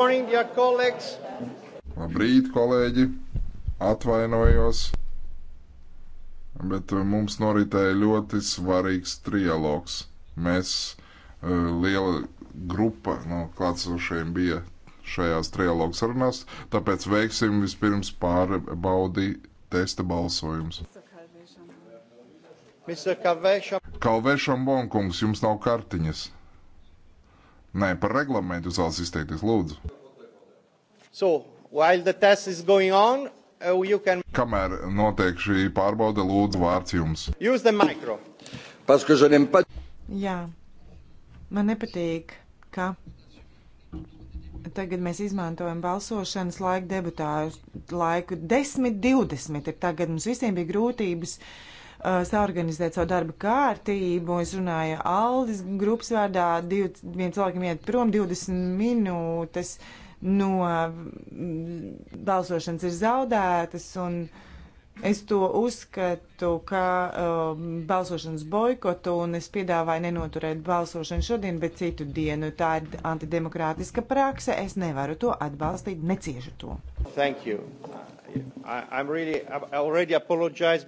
Morning, dear colleagues. Labrīt, kolēģi! Atvainojos, bet eh, mums noritēja ļoti svarīgs trialogs. Mēs, eh, liela grupa no klātsošiem bija šajās trialogu sarunās, tāpēc veiksim vispirms pārbaudi testa balsojums. Kalvēšam Bonkungs, jums nav kartiņas. Nē, par reglamentu jūs vēlas izteikties, lūdzu. So, while the test is going on, uh, can... Kamēr notiek šī pārbauda, lūdzu vārds jums. Use the micro. Parce que je n'aime pas... Jā, man nepatīk, ka tagad mēs izmantojam balsošanas laiku debatāju laiku 10, 20. Ir tagad mums visiem bija grūtības. Uh, uh, saorganizēt savu darba kārtību. Es runāju Aldis grupas vārdā, div, viens cilvēkam iet prom 20 minūtes no mm, balsošanas ir zaudētas. Un, uh, Es to uzskatu, ka um, balsošanas boikotu un es piedāvāju nenoturēt balsošanu šodien, bet citu dienu. Tā ir antidemokrātiska prakse. Es nevaru to atbalstīt, neciešu to. I, really,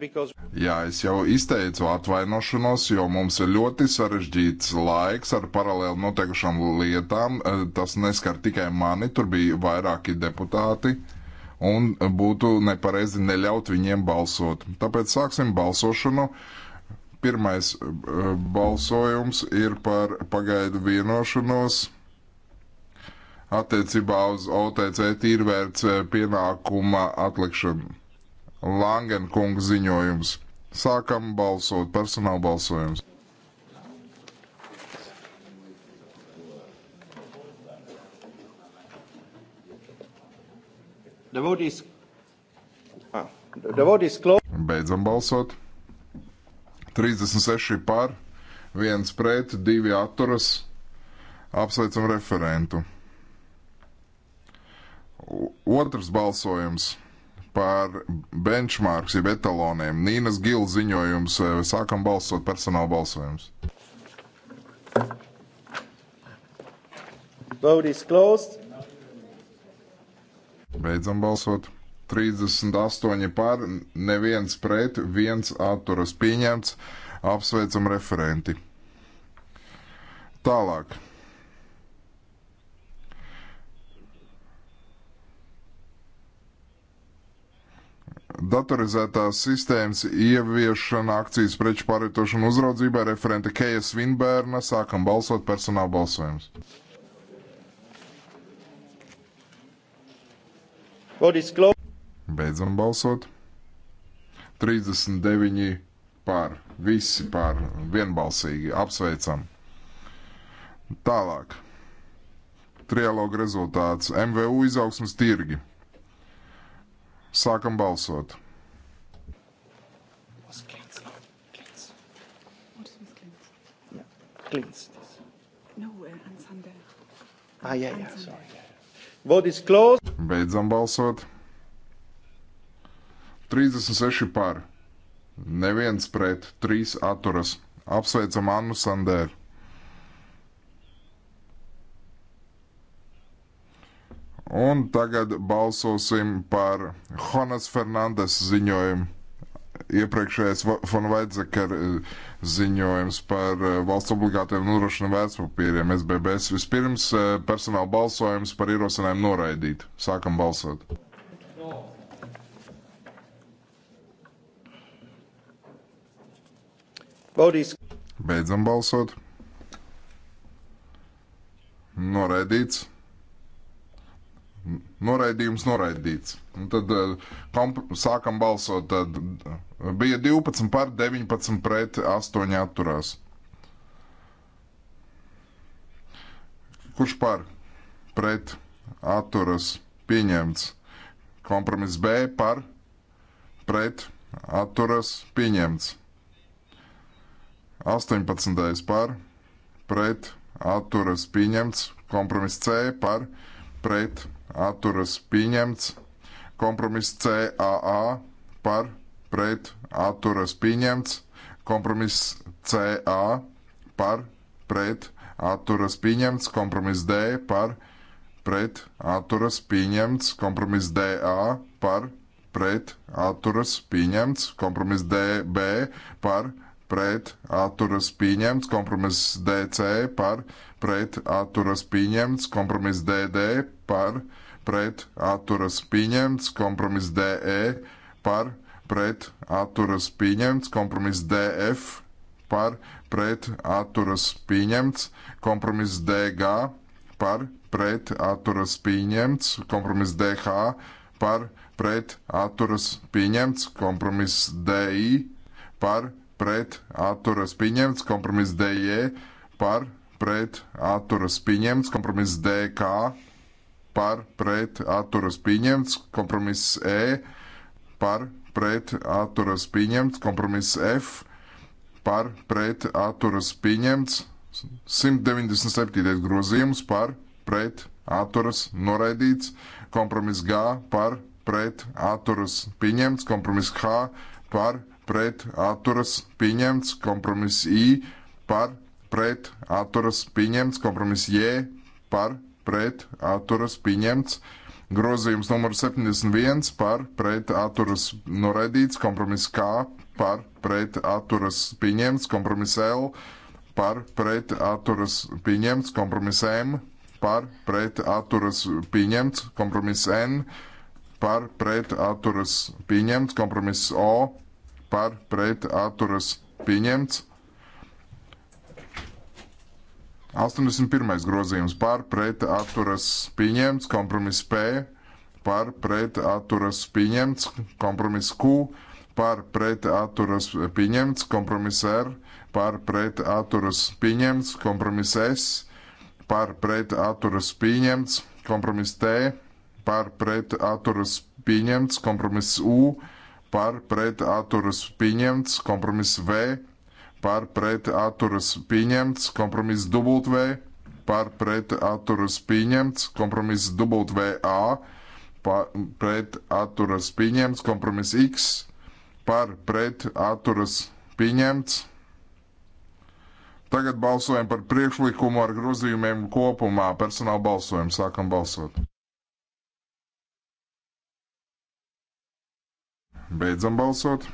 because... Jā, es jau izteicu atvainošanos, jo mums ir ļoti sarežģīts laiks ar paralēli notiekušām lietām. Eh, tas neskar tikai mani, tur bija vairāki deputāti. Uh, un būtu nepareizi neļaut viņiem balsot. Tāpēc sāksim balsošanu. Pirmais eh, balsojums ir par pagaidu vienošanos attiecībā uz OTC tīrvērts eh, pienākuma atlikšanu. Langenkungs ziņojums. Sākam balsot, personāla balsojums. The vote is. Ah, the vote is closed. Beidzam balsot. 36 par, 1 pret, 2 atturas. Apsveicam referentu. Otrs balsojums par benchmarks, jeb etaloniem. Nīnas Gila ziņojums. Eh, sākam balsot personāla balsojums. Vote is closed. Beidzam balsot. 38 par, neviens pret, viens atturas pieņemts. Apsveicam referenti. Tālāk. datorizētās sistēmas ieviešana akcijas preču pārvietošanu uzraudzībā referente Keja Svinbērna. Sākam balsot personāla balsojums. Beidzam balsot. 39 pār, visi pār, vienbalsīgi apsveicam. Tālāk. Trialoga rezultāts - MVU izaugsmas tirgi. Sākam balsot. Klīns. No, uh, and Sander. Ah, yeah, yeah, sorry. Vote is closed. Beidzam balsot. 36 par. Neviens pret, 3 atturas. Apsveicam Annu Sandēru. Un tagad balsosim par Honas Fernandes ziņojumu iepriekšējais Fona Vaidzekara eh, ziņojums par eh, valsts obligātiem norošanu vērtspapīriem SBBS. Vispirms eh, personāla balsojums par ierosinājumu noraidīt. Sākam balsot. Baudīs. Beidzam balsot. Noraidīts. Noraidījums noraidīts. Un tad komp sākam balsot tad Bija 12 par 19 pret 8 atturās. Kurš par? Pret atturas pieņemts. Kompromiss B par pret atturas pieņemts. 18. par pret atturas pieņemts. Kompromiss C par pret atturas pieņemts. Kompromiss CAA par pret pret atturas pieņemts. Kompromiss CA par pret atturas pieņemts. Kompromiss D par pret atturas pieņemts. Kompromiss DA par pret atturas pieņemts. Kompromiss DB par pret atturas pieņemts. Kompromiss DC par pret atturas pieņemts. Kompromiss DD par pret atturas pieņemts. Kompromiss DE par pret pret atturas pieņemts, kompromiss DF par pret atturas pieņemts, kompromiss DG par pret atturas pieņemts, kompromiss DH par pret atturas pieņemts, kompromiss DI par pret atturas pieņemts, kompromiss DJ par pret atturas pieņemts, kompromiss DK par pret atturas pieņemts, kompromiss E par pret atturas pieņemts, kompromiss F par pret atturas pieņemts, 197. grozījums par pret atturas noraidīts, kompromiss G par pret atturas pieņemts, kompromiss H par pret atturas pieņemts, kompromiss I par pret atturas pieņemts, kompromiss J par pret atturas pieņemts, kompromiss Grozījums numur 71 par pret atturas noraidīts, kompromiss K par pret atturas pieņemts, kompromiss L par pret atturas pieņemts, kompromiss M par pret atturas pieņemts, kompromiss N par pret atturas pieņemts, kompromiss O par pret atturas pieņemts. 81. grozījums par pret atturas pieņemts, kompromiss P, par pret atturas pieņemts, kompromiss Q, par pret atturas pieņemts, kompromiss R, par pret atturas pieņemts, kompromiss S, par pret atturas pieņemts, kompromiss T, par pret atturas pieņemts, kompromiss U, par pret atturas pieņemts, kompromiss V, par pret atturas pieņemts, kompromiss W, par pret atturas pieņemts, kompromiss WA, par pret atturas pieņemts, kompromiss X, par pret atturas pieņemts. Tagad balsojam par priekšlikumu ar grozījumiem kopumā. Personāla balsojumu sākam balsot. Beidzam balsot.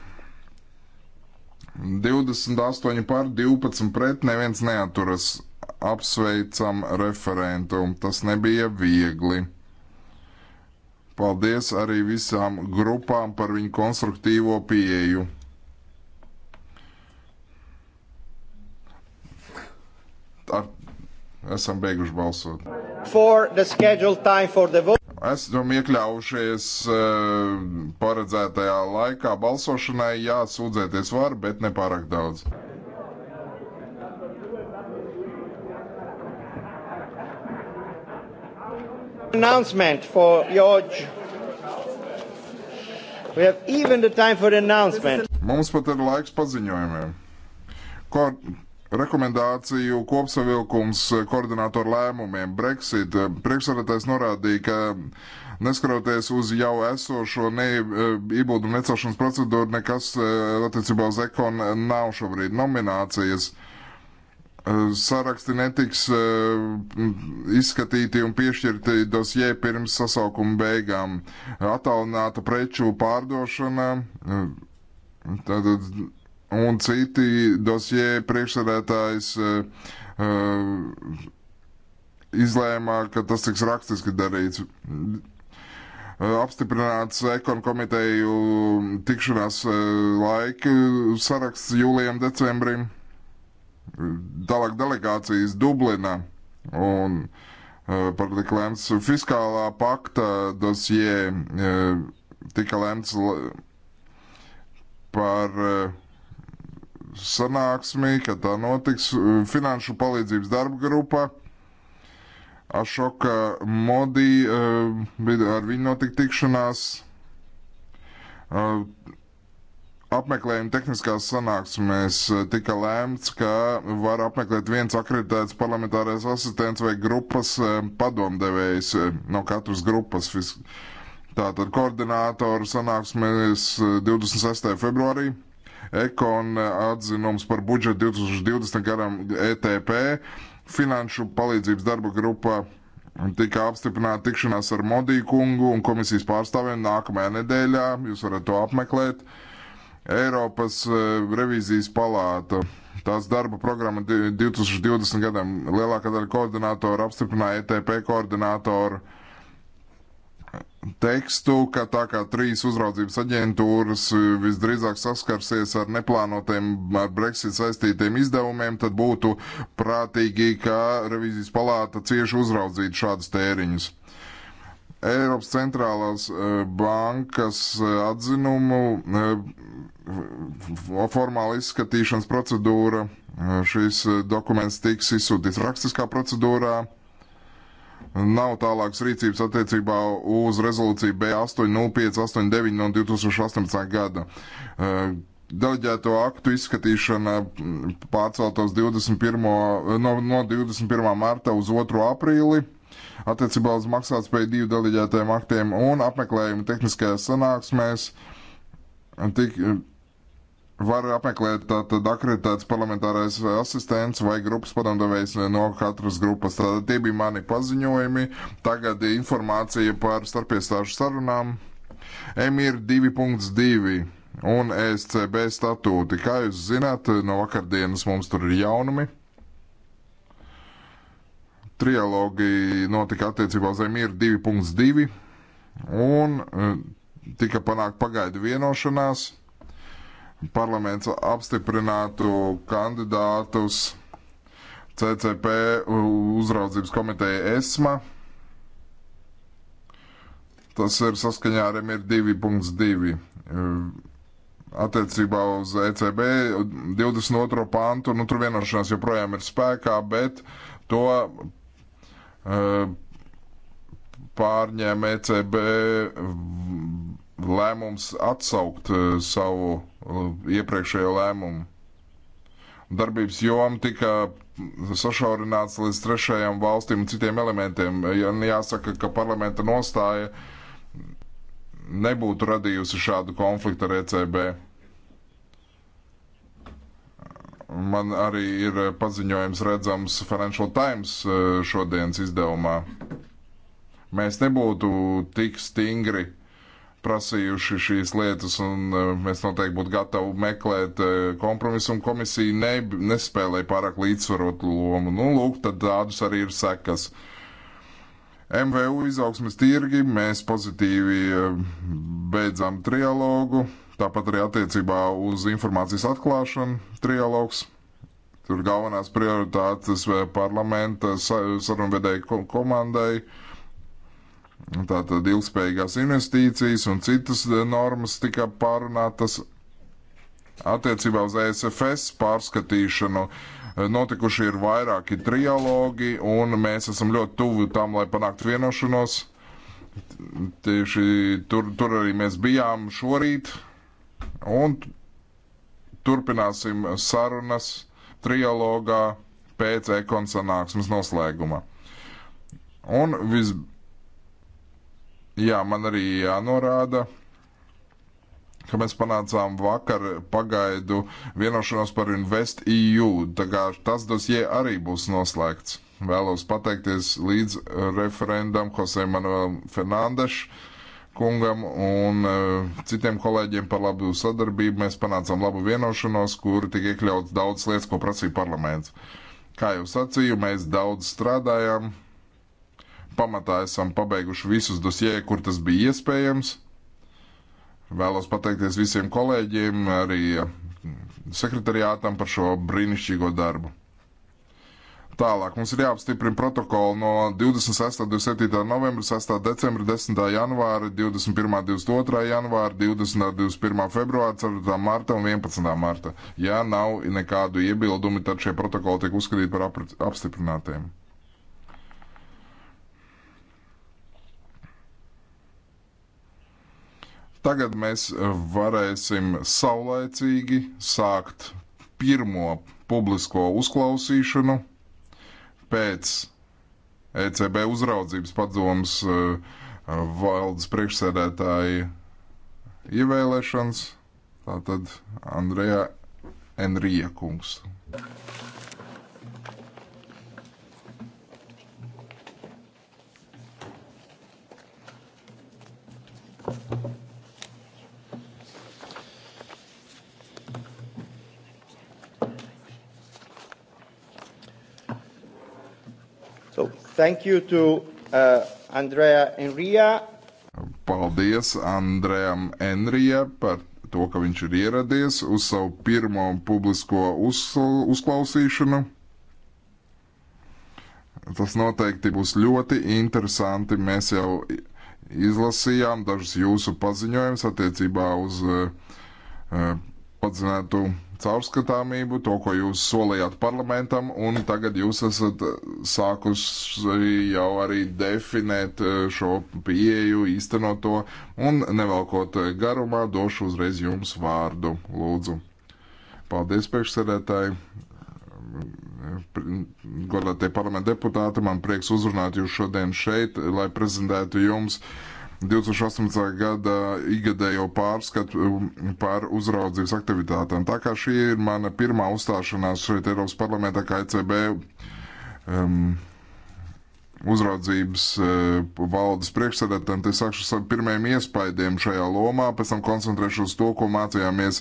28 pār 12 pret, neviens neaturas. Apsveicam referentu, tas nebija viegli. Paldies arī visām grupām par viņu konstruktīvo pieeju. Ar, esam beiguši balsot esam iekļaujušies eh, paredzētajā laikā balsošanai. Jā, sūdzēties var, bet ne pārāk daudz. Announcement for George. We have even the time for announcement. Mums pat ir laiks paziņojumiem. Ko Rekomendāciju kopsavilkums koordinātoru lēmumiem Brexit. Priekšsēdētājs norādīja, ka neskaroties uz jau esošo ne, eh, iebildumu necelšanas procedūru, nekas eh, attiecībā uz ekon nav šobrīd nominācijas. Eh, saraksti netiks izskatīti un piešķirti dosjē pirms sasaukuma beigām. Atalināta preču pārdošana. Tātad un citi dosie priekšsēdētājs uh, izlēma, ka tas tiks rakstiski darīts. Uh, apstiprināts ekonu komiteju tikšanās uh, laika saraksts jūlijam, decembrim. Tālāk delegācijas Dublinā un par tik lēmts fiskālā pakta dosie tika lēmts par uh, sanāksmi, kad tā notiks eh, finanšu palīdzības darba grupā. Ašoka Modi, eh, ar viņu notika tikšanās eh, apmeklējuma tehniskās sanāksmēs tika lēmts, ka var apmeklēt viens akreditēts parlamentārais asistents vai grupas padomdevējs no katras grupas. Tātad koordinātoru sanāksmēs 26. februārī Ekon atzinums par budžetu 2020 garam ETP, finanšu palīdzības darba grupa tika apstiprināta tikšanās ar Modiju kungu un komisijas pārstāvjiem nākamajā nedēļā. Jūs varat to apmeklēt. Eiropas e, revīzijas palāta. Tās darba programma 2020 gadam lielākā daļa e koordinātoru apstiprināja ETP koordinātoru uh, tekstu, ka tā kā trīs uzraudzības aģentūras e, visdrīzāk saskarsies ar neplānotiem ar Brexit saistītiem izdevumiem, tad būtu prātīgi, ka revizijas palāta cieši uzraudzītu šādus tēriņus. Eiropas centrālās e, bankas e, atzinumu formāla izskatīšanas procedūra. Šis dokuments tiks izsūtīts rakstiskā procedūrā Nav tālākas rīcības attiecībā uz rezolūciju B8589 no 2018. gada. Eh, deleģēto aktu izskatīšana pārceltos 21, eh, no, no 21. marta uz 2. aprīli attiecībā uz maksātspēju divu deleģētajiem aktiem un apmeklējumu tehniskajās sanāksmēs. Tik, var apmeklēt tātad akreditēts parlamentārais asistents vai grupas padomdevējs no katras grupas. Tātad tie bija mani paziņojumi. Tagad informācija par starpiestāžu sarunām. Emīr 2.2 un ESCB statūti. Kā jūs zināt, no vakardienas mums tur ir jaunumi. Trialogi notika attiecībā uz Emīr 2.2 un eh, tika panākt pagaidu vienošanās parlaments apstiprinātu kandidātus CCP uzraudzības komiteja ESMA. Tas ir saskaņā ar MIR 2.2. Eh, attiecībā uz ECB 22. pantu, nu tur vienošanās joprojām ir spēkā, bet to uh, pārņēma ECB lēmums atsaukt e, savu e, iepriekšējo lēmumu. Darbības joma tika sašaurināts līdz trešajām valstīm un citiem elementiem. Ja nu jāsaka, ka parlamenta nostāja nebūtu radījusi šādu konfliktu ar ECB. Man arī ir paziņojums redzams Financial Times e, šodienas izdevumā. Mēs nebūtu tik stingri prasījuši šīs lietas, un e, mēs noteikti būtu gatavi meklēt e, kompromisu, un komisija ne, nespēlēja pārāk līdzsvarotu lomu. Nu, lūk, tad tādas arī ir sekas. MVU izaugsmes tirgi, mēs pozitīvi e, beidzam trialogu, tāpat arī attiecībā uz informācijas atklāšanu trialogs. Tur galvenās prioritātes parlamenta sarunvedēju komandai. Uh, Tātad ilgspējīgās investīcijas un citas eh, normas tika pārunātas attiecībā uz ESFS pārskatīšanu. Eh, notikuši ir vairāki trialogi, un mēs esam ļoti tuvu tam, lai panāktu vienošanos. Tieši tur, tur arī mēs bijām šorīt, un turpināsim sarunas trialogā pēc ekonomikas noslēguma. Un visbeidzot, Jā, man arī jānorāda, ka mēs panācām vakar pagaidu vienošanos par Invest EU. Tā kā tas dosie arī būs noslēgts. Vēlos pateikties līdz referendam Jose Manuel Fernandes kungam un uh, citiem kolēģiem par labu sadarbību. Mēs panācām labu vienošanos, kur tika iekļauts daudz lietas, ko prasīja parlaments. Kā jau sacīju, mēs daudz strādājām pamatā esam pabeiguši visus dosjē, kur tas bija iespējams. Vēlos pateikties visiem kolēģiem, arī sekretariātam par šo brīnišķīgo darbu. Tālāk mums ir jāapstiprina protokoli no 26. 27. novembra, 6. decembra, 10. janvāra, 21. 22. janvāra, 20. 21. februāra, 4. marta un 11. marta. Ja nav nekādu iebildumu, tad šie protokoli tiek uzskatīti par apstiprinātiem. Tagad mēs eh, varēsim saulēcīgi sākt pirmo publisko uzklausīšanu pēc ECB uzraudzības padomus eh, valdes priekšsēdētāja ievēlēšanas. Tātad Andrejā Enrija kungs. Thank you to uh, Andrea Enrija. Paldies Andrejam Enrija par to, ka viņš ir ieradies uz savu pirmo publisko uz, uzklausīšanu. Tas noteikti būs ļoti interesanti. Mēs jau izlasījām dažus jūsu paziņojumus attiecībā uz uh, uh, padzinātu caurskatāmību, to, ko jūs solījāt parlamentam, un tagad jūs esat eh, sākusi jau arī definēt eh, šo pieeju, īstenot to, un nevelkot garumā, došu uzreiz jums vārdu. Lūdzu. Paldies, priekšsēdētāji! Godātie parlamenta deputāti, man prieks uzrunāt jūs šodien šeit, lai prezentētu jums uh, 2018. gada igadējo pārskatu par uzraudzības aktivitātēm. Tā kā šī ir mana pirmā uzstāšanās šeit Eiropas parlamentā kā ECB um, uzraudzības eh, valdes priekšsēdētājiem, tad sākšu ar pirmajiem iespaidiem šajā lomā, pēc tam koncentrēšos uz to, ko mācījāmies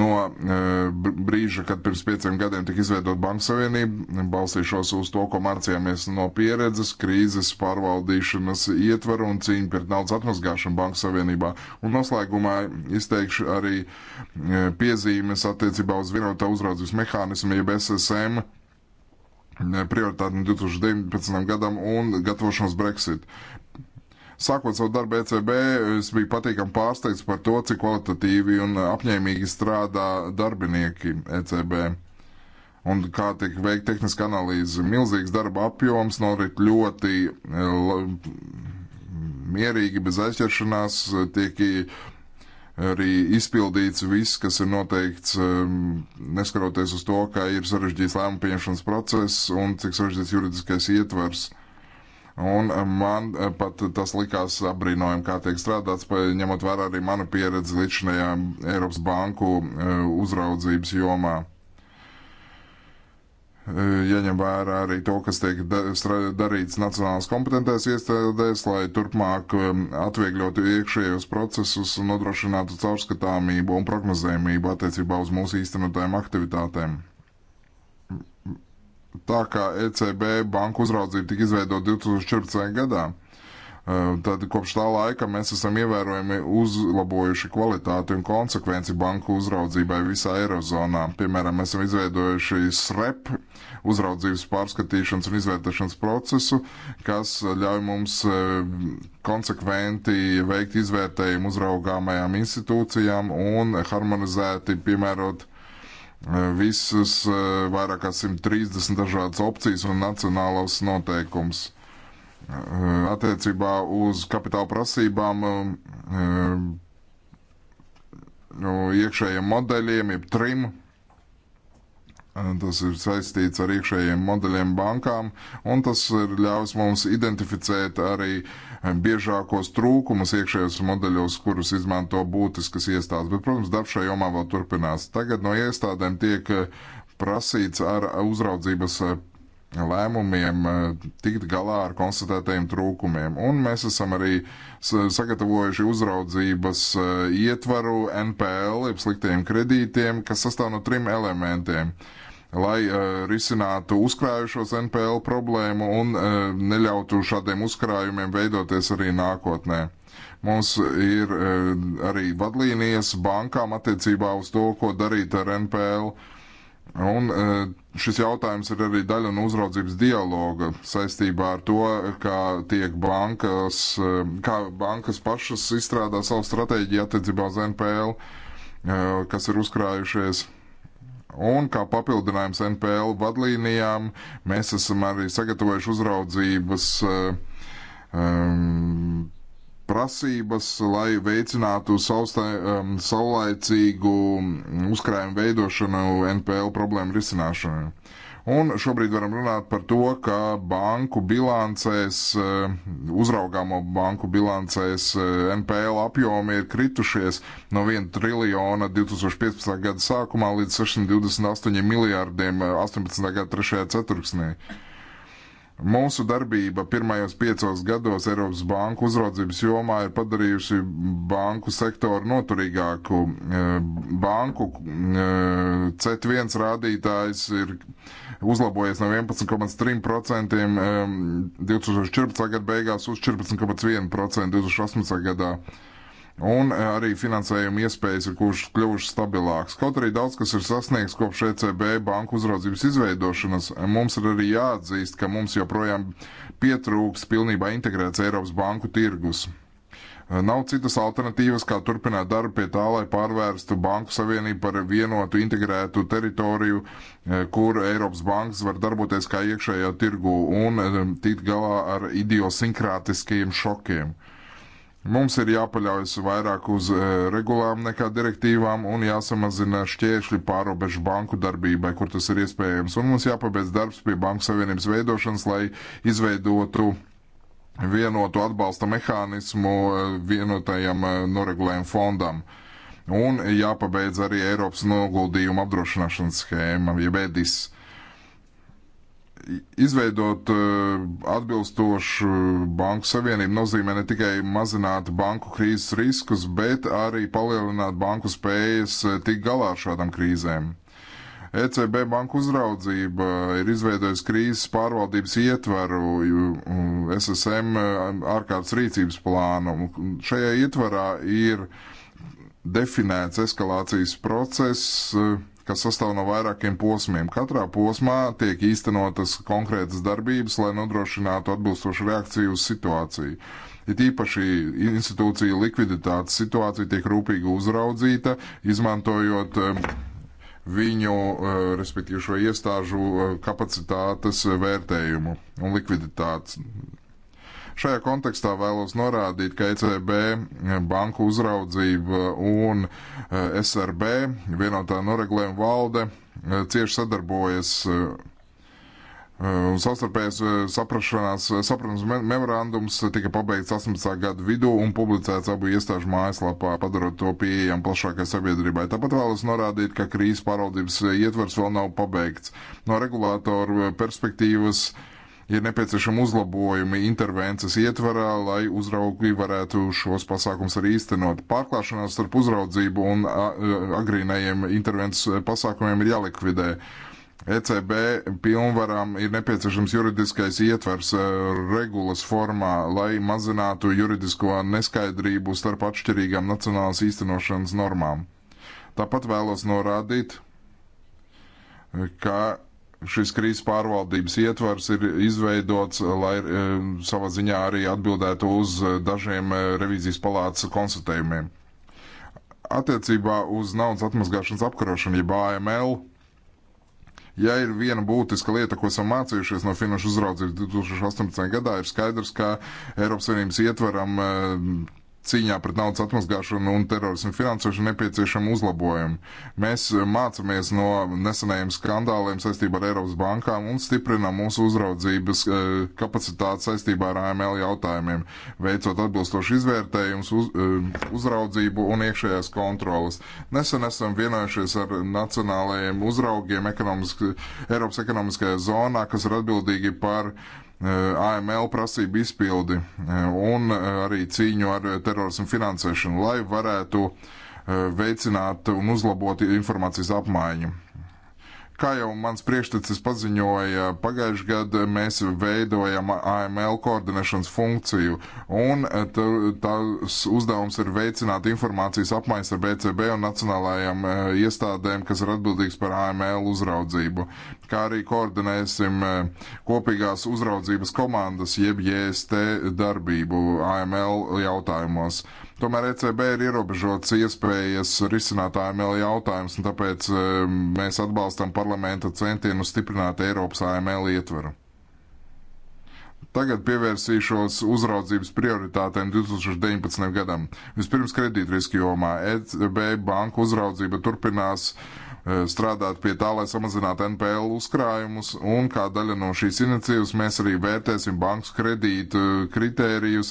no eh, brīža, kad pirms pieciem gadiem tika izveidot Banka Savienība, balstīšos uz to, ko mācījāmies no pieredzes, krīzes pārvaldīšanas ietvaru un cīņu pret naudas atmazgāšanu Banka Savienībā. Un noslēgumā izteikšu arī eh, piezīmes attiecībā uz vienotā uzraudzības mehānismu, jeb SSM prioritātēm 2019. gadam un gatavošanos Brexit. Sākot savu darbu ECB, es biju patīkami pārsteigts par to, cik kvalitatīvi un apņēmīgi strādā darbinieki ECB. Un kā tiek veikta tehniska analīze, milzīgs darba apjoms norit ļoti eh, mierīgi, bez aizķeršanās, tiek arī izpildīts viss, kas ir noteikts, ehm, neskaroties uz to, ka ir sarežģīts lēmumu pieņemšanas process un cik sarežģīts juridiskais ietvers. Un eh, man eh, pat tas likās apbrīnojami, kā tiek strādāts, ņemot vērā arī manu pieredzi līdz šajā Eiropas banku eh, uzraudzības jomā jaņem vērā arī to, kas tiek darīts nacionālās kompetentēs iestādēs, lai turpmāk um, atviegļotu iekšējos procesus un nodrošinātu caurskatāmību un prognozējumību attiecībā uz mūsu īstenotajām aktivitātēm. Tā kā ECB banku uzraudzība tika izveidota 2014. gadā, Ehm, tad kopš tā laika mēs esam ievērojami uzlabojuši kvalitāti un konsekvenci banku uzraudzībai visā Eirozonā. Piemēram, mēs esam izveidojuši SREP uzraudzības pārskatīšanas un izvērtēšanas procesu, kas ļauj mums ehm, konsekventi veikt izvērtējumu uzraugāmajām institūcijām un harmonizēti piemērot ehm, visas vairāk kā 130 dažādas opcijas un nacionālos noteikumus Eh, attiecībā uz kapitāla prasībām, nu, iekšējiem modeļiem, jeb trim. Eh, tas ir saistīts ar iekšējiem modeļiem bankām, un tas ir ļaus mums identificēt arī biežākos trūkumus iekšējos modeļos, kurus izmanto būtiskas iestādes. Bet, protams, darbs šajā jomā vēl turpinās. Tagad no iestādēm tiek prasīts ar uzraudzības lēmumiem eh, tikt galā ar konstatētajiem trūkumiem. Un mēs esam arī sagatavojuši uzraudzības eh, ietvaru NPL, jeb sliktajiem kredītiem, kas sastāv no trim elementiem lai uh, risinātu uzkrājušos NPL problēmu un uh, neļautu šādiem uzkrājumiem veidoties arī nākotnē. Mums ir uh, arī vadlīnijas bankām attiecībā uz to, ko darīt ar NPL. Un Šis jautājums ir arī daļa no uzraudzības dialoga saistībā ar to, kā tiek bankas, kā bankas pašas izstrādā savu stratēģiju attiecībā uz NPL, eh, kas ir uzkrājušies. Un kā papildinājums NPL vadlīnijām, mēs esam arī sagatavojuši uzraudzības um, prasības, lai veicinātu saustai, um, saulaicīgu um, uzkrājumu veidošanu NPL problēmu risināšanai. Un šobrīd varam runāt par to, ka banku bilancēs, uh, uzraugāmo banku bilancēs uh, NPL apjomi ir kritušies no 1 triljona 2015. gada sākumā līdz 628 miljārdiem 18. gada 3. ceturksnī. Mūsu darbība pirmajos piecos gados Eiropas banku uzraudzības jomā ir padarījusi banku sektoru noturīgāku. E, banku e, C1 rādītājs ir uzlabojies no 11,3% 2014. E, gada beigās uz 14,1% 2018. gadā un eh, arī finansējuma iespējas ir kļuvušas stabilākas. Kaut arī daudz kas ir sasniegts kopš ECB banku uzraudzības izveidošanas, eh, mums ir arī jāatzīst, ka mums joprojām pietrūks pilnībā integrēts Eiropas banku tirgus. Eh, nav citas alternatīvas, kā turpināt darbu pie tā, lai pārvērstu Banku Savienību par vienotu integrētu teritoriju, kur Eiropas bankas var darboties kā iekšējā tirgu un tikt galā ar idiosinkrātiskajiem šokiem. Uh, Mums ir jāpaļaujas vairāk uz e, regulām nekā direktīvām un jāsamazina šķēršļi pārobežu banku darbībai, kur tas ir iespējams. Un mums jāpabeidz darbs pie Banku Savienības veidošanas, lai izveidotu vienotu atbalsta mehānismu e, vienotajam e, noregulējumu fondam. Un jāpabeidz arī Eiropas noguldījuma apdrošināšanas schēma, jeb EDIS. Ja Izveidot eh, atbilstošu eh, banku savienību nozīmē ne tikai mazināt banku krīzes riskus, bet arī palielināt banku spējas eh, tikt galā ar šādām krīzēm. ECB banka uzraudzība ir izveidojusi krīzes pārvaldības ietvaru SSM mm, ārkārtas rīcības plānu. Šajā ietvarā ir definēts eskalācijas process, kas sastāv no vairākiem posmiem. Katrā posmā tiek īstenotas konkrētas darbības, lai nodrošinātu atbilstošu reakciju uz situāciju. It īpaši institūcija likviditātes situācija tiek rūpīgi uzraudzīta, izmantojot um, viņu, uh, respektīvi šo iestāžu uh, kapacitātes vērtējumu un likviditātes Šajā kontekstā vēlos norādīt, ka ECB banku uzraudzība un eh, SRB vienotā noregulējuma valde eh, cieši sadarbojas eh, Sastarpējas saprašanās, saprotams, memorandums tika pabeigts 18. gada vidū un publicēts abu iestāžu mājaslapā, padarot to pieejam plašākai sabiedrībai. Tāpat vēlas norādīt, ka krīzes pārvaldības ietvers vēl nav pabeigts. No regulātoru perspektīvas uh, ir nepieciešama uzlabojuma intervences ietvarā, lai uzraugi varētu šos pasākums arī īstenot. Pārklāšanās starp uzraudzību un agrīnējiem intervences pasākumiem ir jālikvidē. ECB pilnvarām ir nepieciešams juridiskais ietvers e, regulas formā, lai mazinātu juridisko neskaidrību starp atšķirīgām nacionālas īstenošanas normām. Tāpat vēlos norādīt, e, ka šis krīzes pārvaldības ietvars ir izveidots, lai um, savā ziņā arī atbildētu uz uh, dažiem uh, revīzijas palātas konstatējumiem. Attiecībā uz naudas atmazgāšanas apkarošanu, jeb AML, ja ir viena būtiska lieta, ko esam mācījušies no finanšu uzraudzības 2018. gadā, ir skaidrs, ka Eiropas Savienības ietvaram um, cīņā pret naudas atmazgāšanu un terorismu finansēšanu nepieciešama uzlabojuma. Mēs eh, mācāmies no nesenajiem skandāliem saistībā ar Eiropas bankām un stiprinām mūsu uzraudzības eh, kapacitāti saistībā ar AML jautājumiem, veicot atbilstošu izvērtējumus, uz, eh, uzraudzību un iekšējās kontrolas. Nesen esam vienojušies ar nacionālajiem uzraugiem ekonomisk, Eiropas ekonomiskajā zonā, kas ir atbildīgi par uh, Eh, AML prasību izpildi eh, un eh, arī cīņu ar terorismu finansēšanu, lai varētu veicināt un uzlabot informācijas apmaiņu. Kā jau mans priekštecis paziņoja, pagājušajā gadā mēs veidojam AML koordinēšanas funkciju, un tās uzdevums ir veicināt informācijas apmaiņas ar BCB un nacionālajām iestādēm, kas ir atbildīgas par AML uzraudzību kā arī koordinēsim e, kopīgās uzraudzības komandas, jeb JST darbību AML jautājumos. Tomēr ECB ir ierobežots iespējas risināt AML jautājumus, un tāpēc e, mēs atbalstam parlamenta centienu stiprināt Eiropas AML ietveru. Tagad pievērsīšos uzraudzības prioritātēm 2019. gadam. Vispirms kredītriski jomā ECB banku uzraudzība turpinās uh, Eh, strādāt pie tā, lai samazinātu NPL uzkrājumus, un kā daļa no šīs iniciatīvas mēs arī vērtēsim bankas kredītu eh, kritērijus,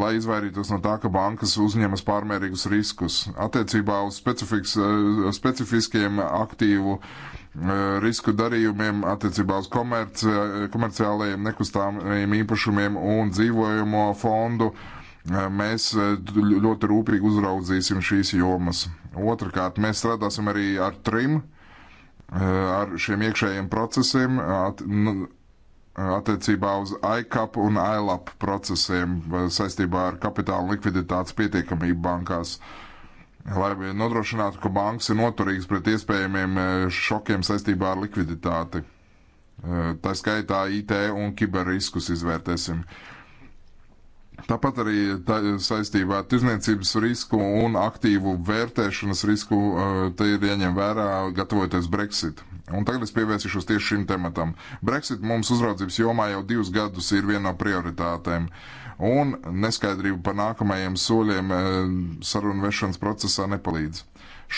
lai izvairītos no tā, ka bankas uzņemas pārmērīgus riskus. Attiecībā uz eh, specifiskiem aktīvu risku darījumiem, attiecībā uz komerci, komerciālajiem nekustāmiem īpašumiem un dzīvojamo fondu, uh, Mēs ļoti rūpīgi uzraudzīsim šīs jomas. Otrakārt, mēs strādāsim arī ar trim, ar šiem iekšējiem procesiem, at, attiecībā uz ICAP un ILAP procesiem saistībā ar kapitāla likviditātes pietiekamību bankās. Lai nodrošinātu, ka bankas ir noturīgas pret iespējamiem šokiem saistībā ar likviditāti. Tā skaitā IT un kiberriskus izvērtēsim. Uh, Tāpat arī tā, saistībā ar tirzniecības risku un aktīvu vērtēšanas risku eh, te ir jāņem vērā, gatavojoties Brexit. Un tagad es pievērsīšos tieši šim tematam. Brexit mums uzraudzības jomā jau divus gadus ir viena no prioritātēm. Un neskaidrība par nākamajiem soļiem eh, sarunu vešanas procesā nepalīdz.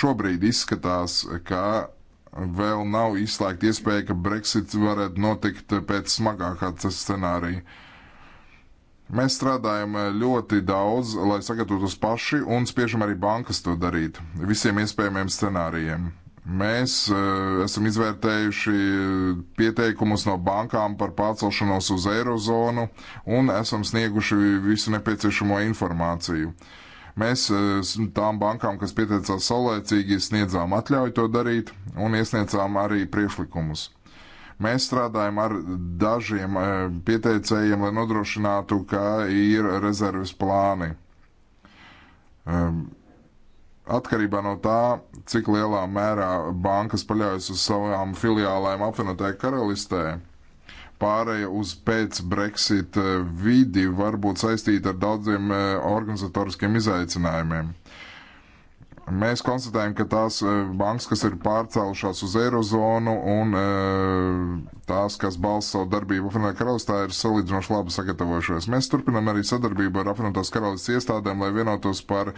Šobrīd izskatās, ka vēl nav izslēgta iespēja, ka Brexit varētu notikt pēc smagākā scenārija Mēs strādājam eh, ļoti daudz, lai sagatavotos paši un spiežam arī bankas to darīt visiem iespējamiem scenārijiem. Mēs uh, esam izvērtējuši pieteikumus no bankām par pārcelšanos uz Eirozonu un esam snieguši visu nepieciešamo informāciju. Mēs uh, tām bankām, kas pieteicās saulēcīgi, sniedzām atļauju to darīt un iesniedzām arī priekšlikumus. Mēs strādājam ar dažiem eh, pieteicējiem, lai nodrošinātu, ka ir rezerves plāni. Ehm, atkarībā no tā, cik lielā mērā bankas paļaujas uz savām filiālēm apvienotajā karalistē, pārēja uz pēc-Brexit eh, vidi var būt saistīta ar daudziem eh, organizatoriskiem izaicinājumiem. Mēs konstatējam, ka tās e, bankas, kas ir pārcēlušās uz eirozonu un e, tās, kas balsta savu darbību apvienotā karalistā, ir salīdzinoši labi sagatavojušies. Mēs turpinam arī sadarbību ar apvienotās karalistas iestādēm, lai vienotos par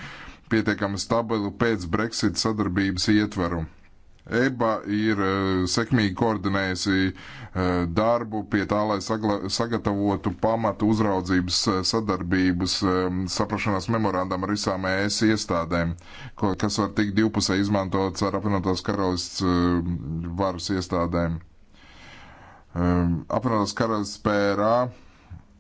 pietiekami stabilu pēc Brexit sadarbības ietveru. EBA ir eh, sekmīgi koordinējusi eh, darbu pie tā, lai sagatavotu pamatu uzraudzības eh, sadarbības ehm, saprašanās memorandam ar visām ES iestādēm, kas var tikt divpusē izmantots ar apvienotās karalists ehm, varas iestādēm. Ehm, apvienotās karalists PRA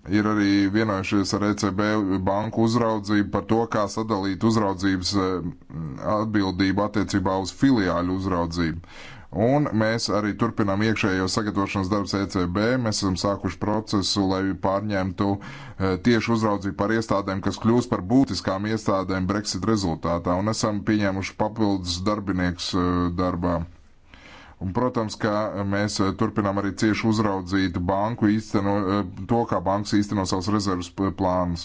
ir arī vienojušies ar ECB banku uzraudzību par to, kā sadalīt uzraudzības eh, atbildību attiecībā uz filiāļu uzraudzību. Un mēs arī turpinām iekšējo sagatavošanas darbs ECB. Mēs esam sākuši procesu, lai pārņemtu eh, tieši uzraudzību par iestādēm, kas kļūs par būtiskām iestādēm Brexit rezultātā. Un esam pieņēmuši papildus darbinieks eh, darbā. Un, protams, ka mēs eh, turpinām arī cieši uzraudzīt banku īsteno, eh, to, kā bankas īsteno savus rezervus plānus.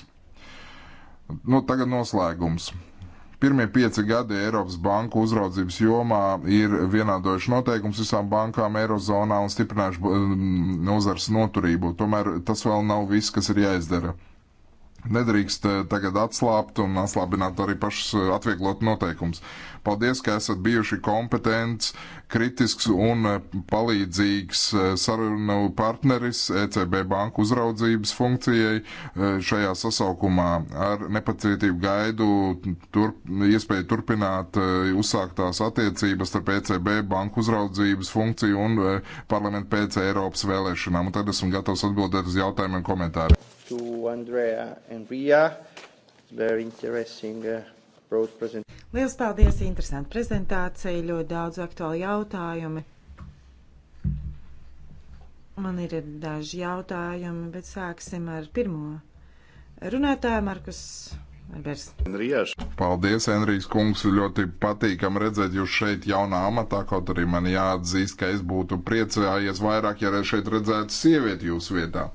Nu, tagad noslēgums. Pirmie pieci gadi Eiropas banku uzraudzības jomā ir vienādojuši noteikums visām bankām Eirozonā un stiprinājuši eh, nozars noturību. Tomēr tas vēl nav viss, kas ir jāizdara. Nedrīkst eh, tagad atslābt un atslābināt arī pašus eh, atvieglot noteikumus. Paldies, ka esat bijuši kompetents, kritisks un eh, palīdzīgs sarunu partneris ECB banku uzraudzības funkcijai šajā sasaukumā. Ar nepacietību gaidu turp, iespēju turpināt uzsāktās attiecības starp ECB banku uzraudzības funkciju un parlamentu pēc Eiropas vēlēšanām. Un tad esmu gatavs atbildēt uz jautājumiem un komentāriem to Andrea and Ria. Very interesting uh, broad presentation. Liels paldies, interesanti prezentācija, ļoti daudz aktuāli jautājumi. Man ir daži jautājumi, bet sāksim ar pirmo. Runātāja Markus Arbers. Paldies, Enrijs kungs, ļoti patīkam redzēt jūs šeit jaunā amatā, kaut arī man jāatzīst, ka es būtu priecājies vairāk, ja šeit redzētu sievieti jūsu vietā.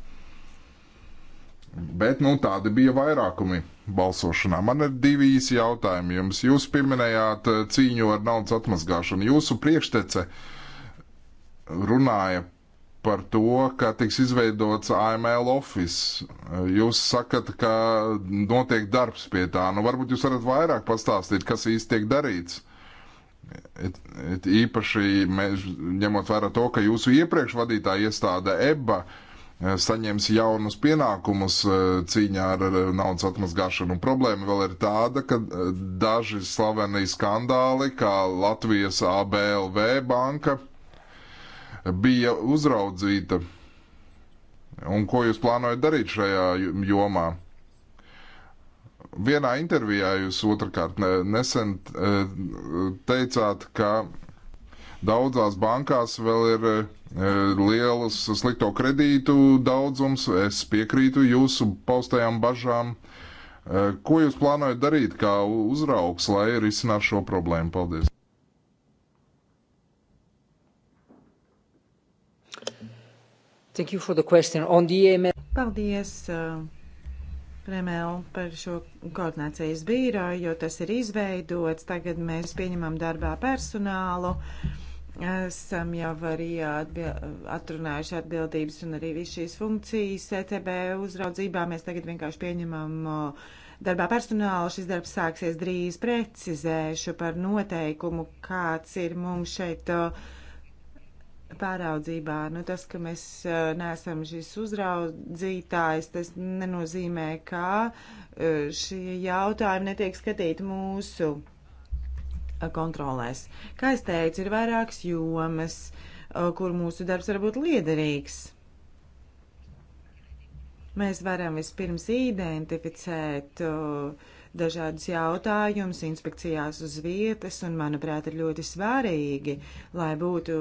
Bet nu, tādi bija vairākumi balsošanā. Man ir divi īsi jautājumi jums. Jūs pieminējāt eh, cīņu ar naudas atmazgāšanu. Jūsu priekštece runāja par to, ka tiks izveidots AML office. Jūs sakat, ka notiek darbs pie tā. Nu, varbūt jūs varat vairāk pastāstīt, kas īsti tiek darīts. It, it īpaši mēs, ņemot vērā to, ka jūsu iepriekš vadītā iestāde EBA uh, Eh, saņems jaunus pienākumus eh, cīņā ar eh, naudas atmazgāšanu. Un problēma vēl ir tāda, ka daži slaveni skandāli, kā Latvijas ABLV banka, bija uzraudzīta. Un ko jūs plānojat darīt šajā jomā? Vienā intervijā jūs otrkārt nesen teicāt, ka Daudzās bankās vēl ir e, lielas slikto kredītu daudzums. Es piekrītu jūsu paustajām bažām. E, ko jūs plānojat darīt kā uzraugs, lai risinātu šo problēmu? Paldies! Thank you for the question. On the AML. E Paldies. Uh... Eh, Remēl par šo koordinācijas bīroju, jo tas ir izveidots. Tagad mēs pieņemam darbā personālu. Uh, Esam jau arī atbil atrunājuši atbildības un arī visu šīs funkcijas ETB uzraudzībā. Mēs tagad vienkārši pieņemam darbā personālu. Šis darbs sāksies drīz precizēšu par noteikumu, kāds ir mums šeit pāraudzībā. Nu, tas, ka mēs neesam šis uzraudzītājs, tas nenozīmē, ka šie jautājumi netiek skatīti mūsu Eh, kontrolēs. Kā es teicu, ir vairākas jomas, eh, kur mūsu darbs var būt liederīgs. Mēs varam vispirms identificēt eh, dažādus jautājumus inspekcijās uz vietas, un, manuprāt, ir ļoti svarīgi, lai būtu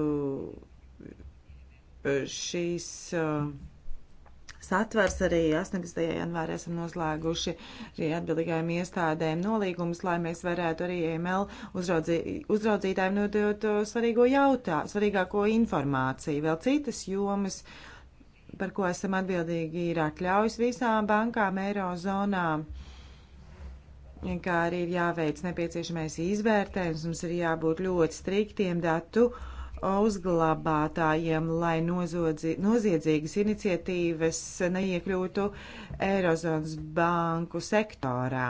šīs. Uh, satvers arī 18. janvārī esam noslēguši arī atbildīgajām iestādēm nolīgumus, lai mēs varētu arī EML uzraudzī, uzraudzītājiem nodot uh, svarīgo jautā, svarīgāko informāciju. Vēl citas jomas, par ko esam atbildīgi, ir atļaujas visām bankām Eirozonā kā arī ir jāveic nepieciešamais izvērtējums, mums ir jābūt ļoti striktiem datu uzglabātājiem, lai nozodzi, noziedzīgas iniciatīvas neiekļūtu Eirozonas banku sektorā.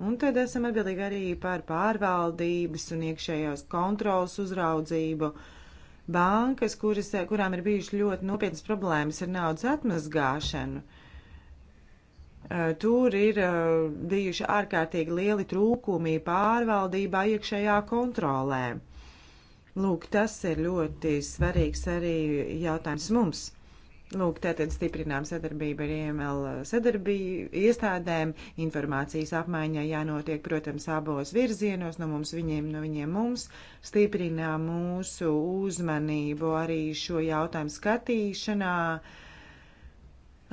Un tad esam atbildīgi arī par pārvaldības un iekšējās kontrolas uzraudzību. Bankas, kuras, kurām ir bijušas ļoti nopietnas problēmas ar naudas atmazgāšanu, eh, tur ir eh, bijuši ārkārtīgi lieli trūkumi pārvaldībā, iekšējā kontrolē. Lūk, tas ir ļoti svarīgs arī jautājums mums. Lūk, tātad stiprinām sadarbību ar IML sadarbību iestādēm, informācijas apmaiņā jānotiek, protams, abos virzienos, no mums viņiem, no viņiem mums, stiprinām mūsu uzmanību arī šo jautājumu skatīšanā,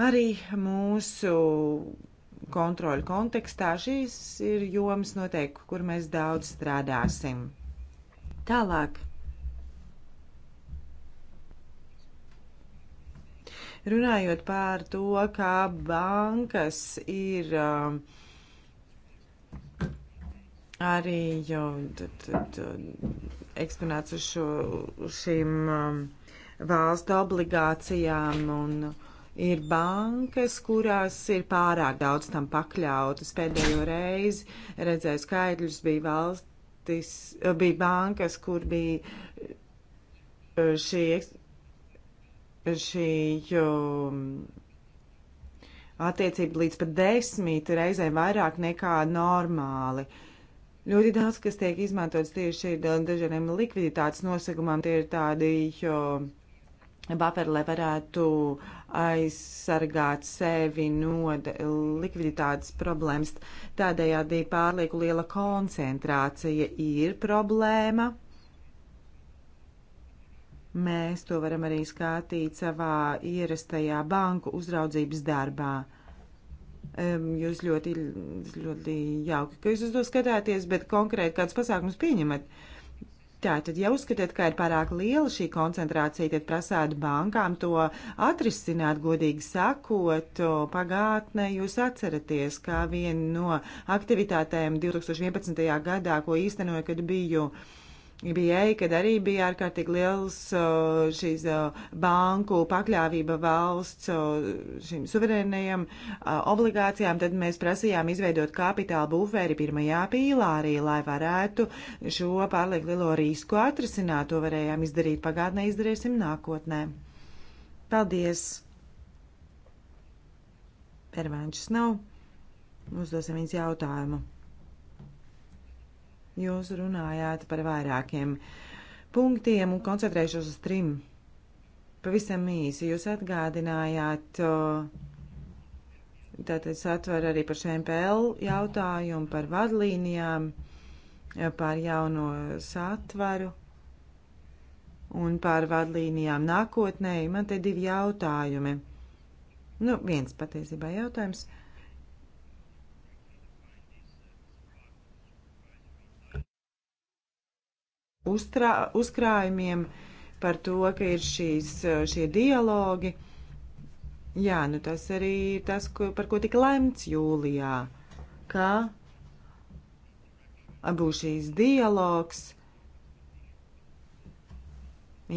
arī mūsu kontroļu kontekstā šīs ir jomas noteikti, kur mēs daudz strādāsim. Tālāk Runājot par to, kā bankas ir um, arī jau eksponēts uz, šo, uz šīm um, valstu obligācijām un ir bankas, kurās ir pārāk daudz tam pakļautas. Pēdējo reizi redzēju skaidrus, bija valstis, bija bankas, kur bija uh, šī šī mm, attiecība līdz pat desmit reizēm vairāk nekā normāli. Ļoti daudz, kas tiek izmantots tieši dažādiem likviditātes nosegumam, tie ir tādi buferi, lai varētu aizsargāt sevi no likviditātes problēmas. Tādējādi pārlieku liela koncentrācija ir problēma Mēs to varam arī skatīt savā ierastajā banku uzraudzības darbā. Um, jūs ļoti, ļoti jauki, ka jūs uz to skatāties, bet konkrēti kāds pasākums pieņemat. Tātad, ja uzskatiet, ka ir pārāk liela šī koncentrācija, tad prasāt bankām to atrisināt, godīgi sakot, pagātnē jūs atceraties, kā viena no aktivitātēm 2011. gadā, ko īstenoju, kad biju uh, bija, kad arī bija ārkārtīgi liels šīs banku pakļāvība valsts šīm suverēnajām obligācijām, tad mēs prasījām izveidot kapitāla buferi pirmajā pīlārī, lai varētu šo pārlieku lielo risku atrasināt. To varējām izdarīt pagātnē, izdarīsim nākotnē. Paldies! Pervāņšas nav. Uzdosim viņas jautājumu. Jūs runājāt par vairākiem punktiem un koncentrēšos uz trim. Pavisam īsi jūs atgādinājāt, tātad satver arī par šiem PL jautājumu, par vadlīnijām, par jauno satvaru un par vadlīnijām nākotnē. Man te divi jautājumi. Nu, viens patiesībā jautājums. Uh, uztrā, uzkrājumiem, par to, ka ir šīs, šie dialogi. Jā, nu tas arī ir tas, ko, par ko tika lemts jūlijā, ka būs šīs dialogs,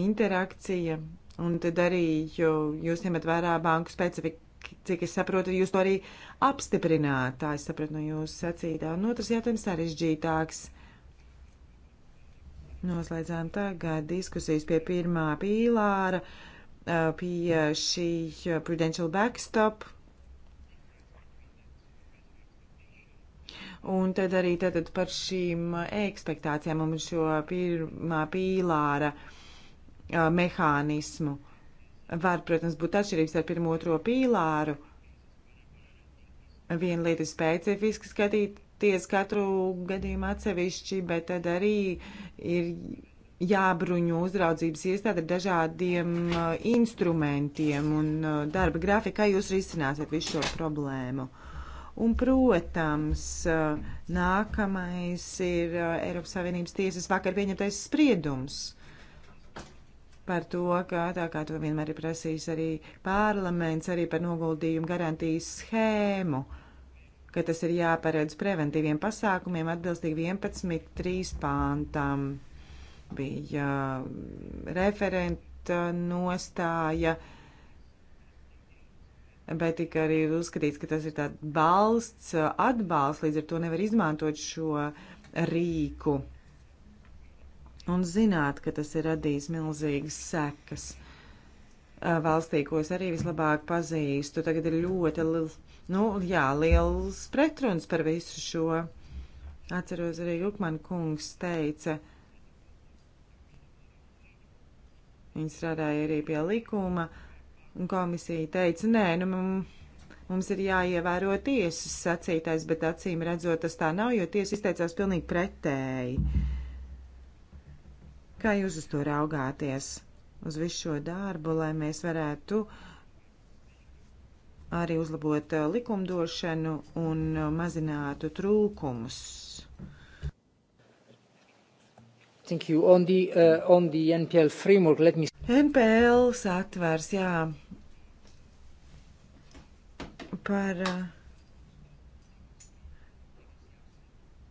interakcija, un tad arī jūs ņemat vērā banku specifiku cik es saprotu, jūs to arī apstiprināt. Tā es sapratu no jūsu sacītā. Un otrs jautājums sarežģītāks. Noslēdzām tagad diskusijas pie pirmā pīlāra, pie šī prudential backstop. Un tad arī tad par šīm ekspektācijām un šo pirmā pīlāra mehānismu. Var, protams, būt atšķirības ar pirmo otro pīlāru. Viena lieta ir specifiski skatīt ties katru gadījumu atsevišķi, bet tad arī ir jābruņo uzraudzības iestāde ar dažādiem uh, instrumentiem un uh, darba grafikā jūs risināsiet visu šo problēmu. Un, protams, uh, nākamais ir uh, Eiropas Savienības tiesas vakar pieņemtais spriedums par to, ka tā kā to vienmēr ir prasījis arī parlaments, arī par noguldījumu garantijas schēmu. Uh, ka tas ir jāparedz preventīviem pasākumiem atbilstīgi 11.3 pāntam. Bija uh, referenta nostāja, bet tika arī uzskatīts, ka tas ir tāds balsts uh, atbalsts, līdz ar to nevar izmantot šo rīku. Un zināt, ka tas ir radījis milzīgas sekas. Uh, valstī, ko es arī vislabāk pazīstu. Tagad ir ļoti liels, nu, jā, liels pretruns par visu šo. Atceros arī Jukman kungs teica, viņi strādāja arī pie likuma, un komisija teica, nē, nu, mums ir jāievēro tiesas sacītais, bet acīm redzot, tas tā nav, jo tiesa izteicās pilnīgi pretēji. Kā jūs uz to raugāties? uz visu šo darbu, lai mēs varētu arī uzlabot uh, likumdošanu un uh, mazinātu trūkumus. Thank you. On the, uh, on the NPL framework, let me... NPL satvērs, jā. Par... Uh,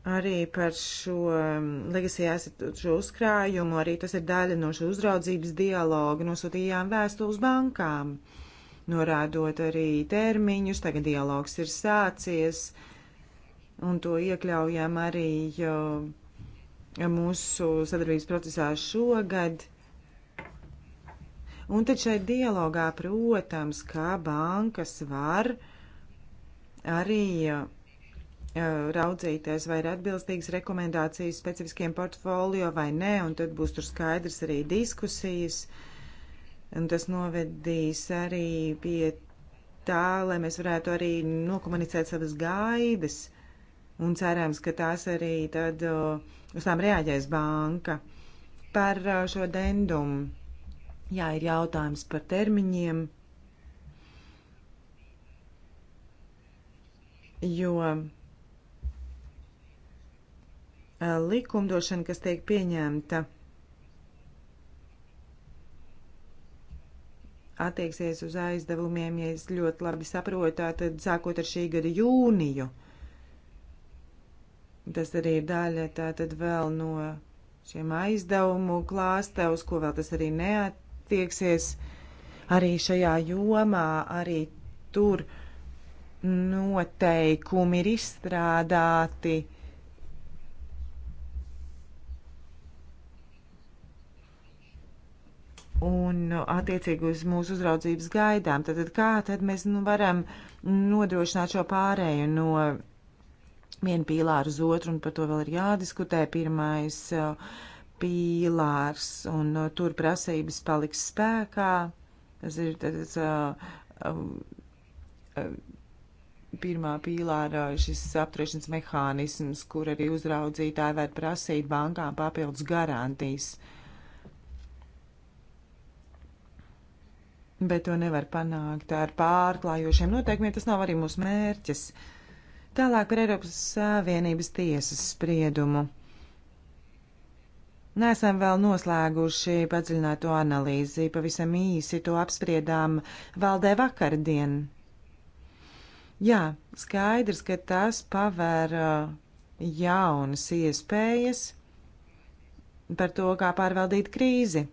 arī par šo mm, legasijā šo uzkrājumu, arī tas ir daļa no šo uzraudzības dialoga, nosūtījām vēstules bankām, norādot arī termiņus, tagad dialogs ir sācies, un to iekļaujām arī mūsu sadarbības procesā šogad. Un tad šai dialogā, protams, kā bankas var arī uh, raudzīties, vai ir atbilstīgas rekomendācijas specifiskiem portfolio vai nē, un tad būs tur skaidrs arī diskusijas, un tas novedīs arī pie tā, lai mēs varētu arī nokomunicēt savas gaidas, un cerams, ka tās arī tad uz tām reaģēs banka par šo dendumu. Jā, ir jautājums par termiņiem. jo likumdošana, kas tiek pieņemta, attieksies uz aizdevumiem, ja es ļoti labi saprotu, tad sākot ar šī gada jūniju. Tas arī ir daļa tā tad vēl no šiem aizdevumu klāstē, uz ko vēl tas arī neattieksies. Arī šajā jomā, arī tur noteikumi ir izstrādāti un nu, attiecīgi uz mūsu uzraudzības gaidām. Tad, tad kā tad mēs nu, varam nodrošināt šo pārēju no viena pīlāra uz otru, un par to vēl ir jādiskutē. Pirmais uh, pīlārs, un uh, tur prasības paliks spēkā. Tas ir tāds. Uh, uh, pirmā pīlāra uh, šis apturēšanas mehānisms, kur arī uzraudzītāji var prasīt bankām papildus garantijas. Uh, bet to nevar panākt ar pārklājošiem noteikumiem. Tas nav arī mūsu mērķis. Tālāk par Eiropas Savienības tiesas spriedumu. Nesam vēl noslēguši padziļināto analīzi, pavisam īsi to apspriedām valdē vakardien. Jā, skaidrs, ka tas pavēra uh, jaunas iespējas par to, kā pārvaldīt krīzi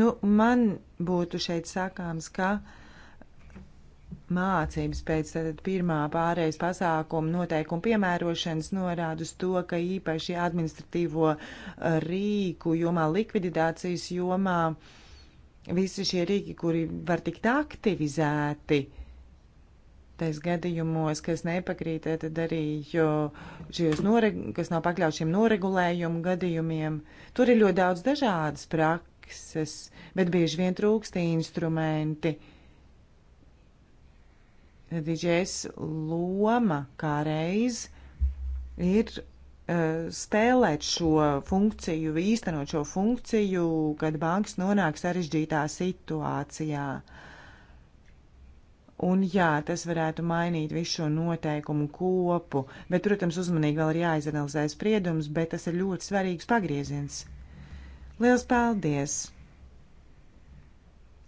Nu, man būtu šeit sakāms, ka mācības pēc pirmā pārējais pasākuma noteikuma piemērošanas norāda uz to, ka īpaši administratīvo uh, rīku jomā, likviditācijas jomā, visi šie rīki, kuri var tikt aktivizēti, tais gadījumos, kas nepakrīt, tad arī šajos, noreg... kas nav pakļauts šiem noregulējumu gadījumiem, tur ir ļoti daudz dažādas prakses prakses, bet bieži vien trūkst instrumenti. Didžēs loma kā reiz ir eh, spēlēt šo funkciju, īstenot šo funkciju, kad banks nonāk sarežģītā situācijā. Un jā, tas varētu mainīt visu šo noteikumu kopu, bet, protams, uzmanīgi vēl ir jāizanalizē spriedums, bet tas ir ļoti svarīgs pagrieziens. Liels paldies!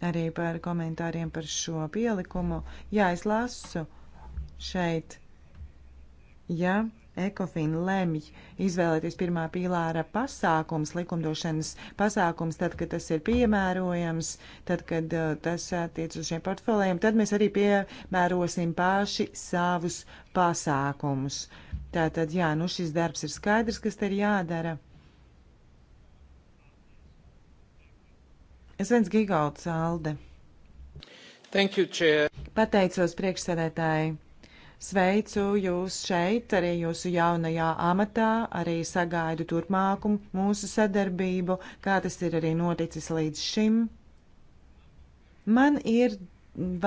Arī par komentāriem par šo pielikumu. Jā, es lasu šeit. Ja Ekofina lemj izvēlēties pirmā pīlāra pasākums, likumdošanas pasākums, tad, kad tas ir piemērojams, tad, kad uh, tas attiec uz šiem portfolējiem, tad mēs arī piemērosim paši savus pasākumus. Tātad, jā, nu šis darbs ir skaidrs, kas te ir jādara. Svens Gigalds, Alde. Thank you, Chair. Pateicos priekšsēdētāji. Sveicu jūs šeit, arī jūsu jaunajā amatā, arī sagaidu turpmāku mūsu sadarbību, kā tas ir arī noticis līdz šim. Man ir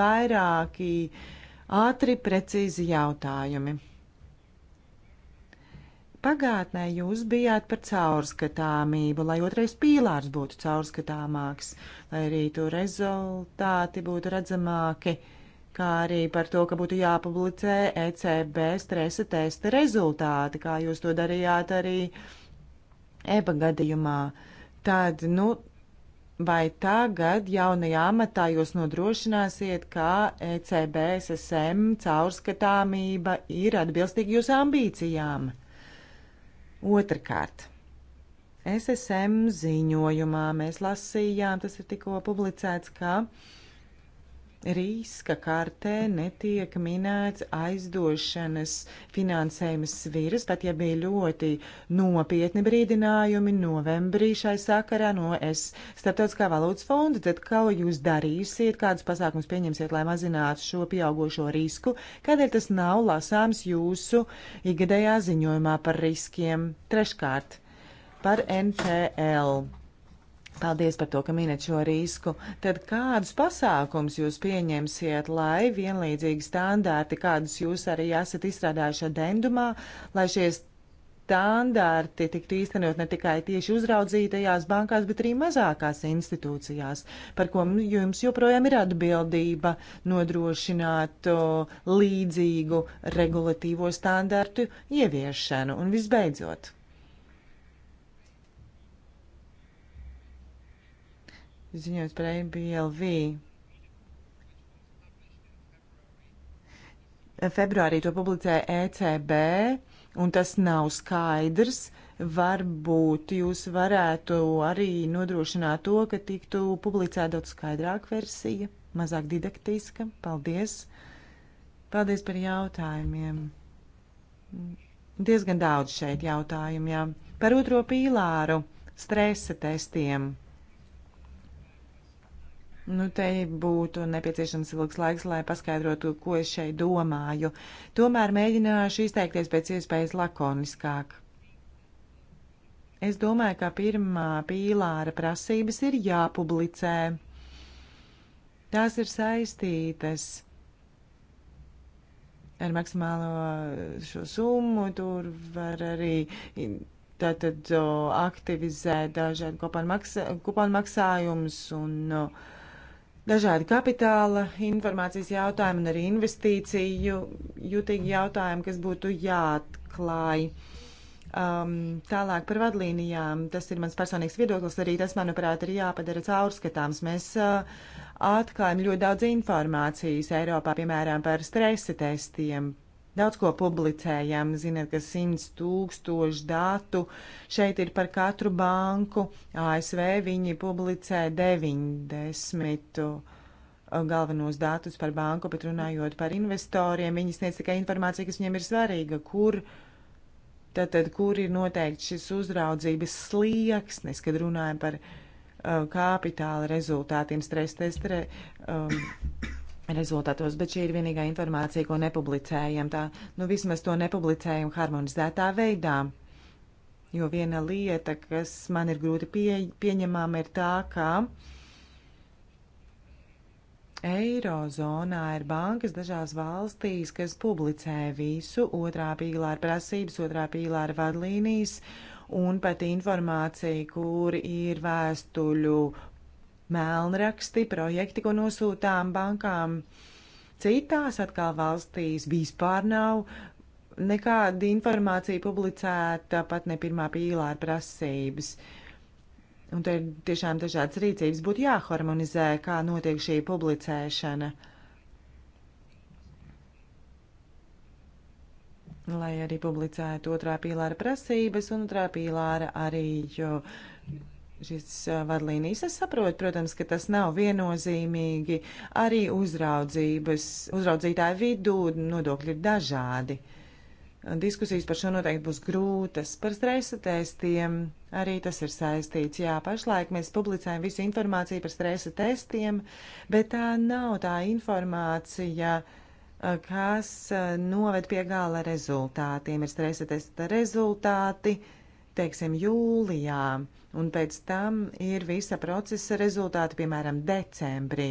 vairāki ātri, precīzi jautājumi. Pagātnē jūs bijāt par caurskatāmību, lai otrais pīlārs būtu caurskatāmāks, lai arī tu rezultāti būtu redzamāki, kā arī par to, ka būtu jāpublicē ECB stresa testa rezultāti, kā jūs to darījāt arī EBA gadījumā. Tad, nu, vai tagad jaunajā amatā jūs nodrošināsiet, ka ECB SSM caurskatāmība ir atbilstīga jūsu ambīcijām? Otrakārt, SSM ziņojumā mēs lasījām, tas ir tikko publicēts, ka uh, riska kartē netiek minēts aizdošanas finansējuma sviras, pat ja bija ļoti nopietni brīdinājumi novembrī šai sakarā no es starptautiskā valūtas fonda, tad ko jūs darīsiet, kādus pasākums pieņemsiet, lai mazinātu šo pieaugošo risku, kādēļ tas nav lasāms jūsu ikgadējā ziņojumā par riskiem. Treškārt, par NPL Paldies par to, ka minat šo risku. Tad kādus pasākums jūs pieņemsiet, lai vienlīdzīgi standārti, kādus jūs arī esat izstrādājuši adendumā, lai šie standārti tiktu īstenot ne tikai tieši uzraudzītajās bankās, bet arī mazākās institūcijās, par ko jums joprojām ir atbildība nodrošināt o, līdzīgu regulatīvo standārtu ieviešanu. Un visbeidzot. ziņojums par ABLV. Februārī to publicēja ECB, un tas nav skaidrs. Varbūt jūs varētu arī nodrošināt to, ka tiktu publicēta daudz skaidrāka versija, mazāk didaktiska. Paldies! Paldies par jautājumiem! Diezgan daudz šeit jautājumu, jā. Par otro pīlāru - stresa testiem. Nu, te būtu nepieciešams ilgs laiks, lai paskaidrotu, ko es šeit domāju. Tomēr mēģināšu izteikties pēc iespējas lakoniskāk. Es domāju, ka pirmā pīlāra prasības ir jāpublicē. Tās ir saistītas ar maksimālo šo summu, tur var arī tātad aktivizēt dažādu kuponu maksā, maksājumus un uh, dažādi kapitāla informācijas jautājumi un arī investīciju jūtīgi jautājumi, kas būtu jāatklāj. Um, tālāk par vadlīnijām. Tas ir mans personīgs viedoklis. Arī tas, manuprāt, ir jāpadara caurskatāms. Mēs uh, atklājam ļoti daudz informācijas Eiropā, piemēram, par stresa testiem, daudz ko publicējam. Ziniet, ka 100 tūkstoši datu šeit ir par katru banku. ASV viņi publicē 90 uh, galvenos datus par banku, bet runājot par investoriem, viņi sniedz tikai informāciju, kas viņiem ir svarīga, kur Tātad, kur ir noteikti šis uzraudzības slieksnis, kad runājam par uh, kapitāla rezultātiem, stresa testere, um, rezultātos, bet šī ir vienīgā informācija, ko nepublicējam. Tā, nu, vismaz to nepublicējam harmonizētā veidā. Jo viena lieta, kas man ir grūti pie, pieņemama, ir tā, ka Eirozonā ir bankas dažās valstīs, kas publicē visu otrā pīlāra prasības, otrā pīlāra vadlīnijas un pat informāciju, kur ir vēstuļu melnraksti, projekti, ko nosūtām bankām. Citās atkal valstīs vispār nav nekāda informācija publicēta, pat ne pirmā pīlāra prasības. Un te ir tiešām dažādas rīcības būtu jāharmonizē, kā notiek šī publicēšana. Lai arī publicētu otrā pīlāra prasības un otrā pīlāra arī. Jo, uh, šīs vadlīnijas. Es saprotu, protams, ka tas nav viennozīmīgi. Arī uzraudzības, uzraudzītāju vidū nodokļi ir dažādi. Diskusijas par šo noteikti būs grūtas. Par stresa testiem arī tas ir saistīts. Jā, pašlaik mēs publicējam visu informāciju par stresa testiem, bet tā nav tā informācija kas noved pie gala rezultātiem. Ir stresa testa rezultāti, uh, teiksim, jūlijā, un pēc tam ir visa procesa rezultāti, piemēram, decembrī.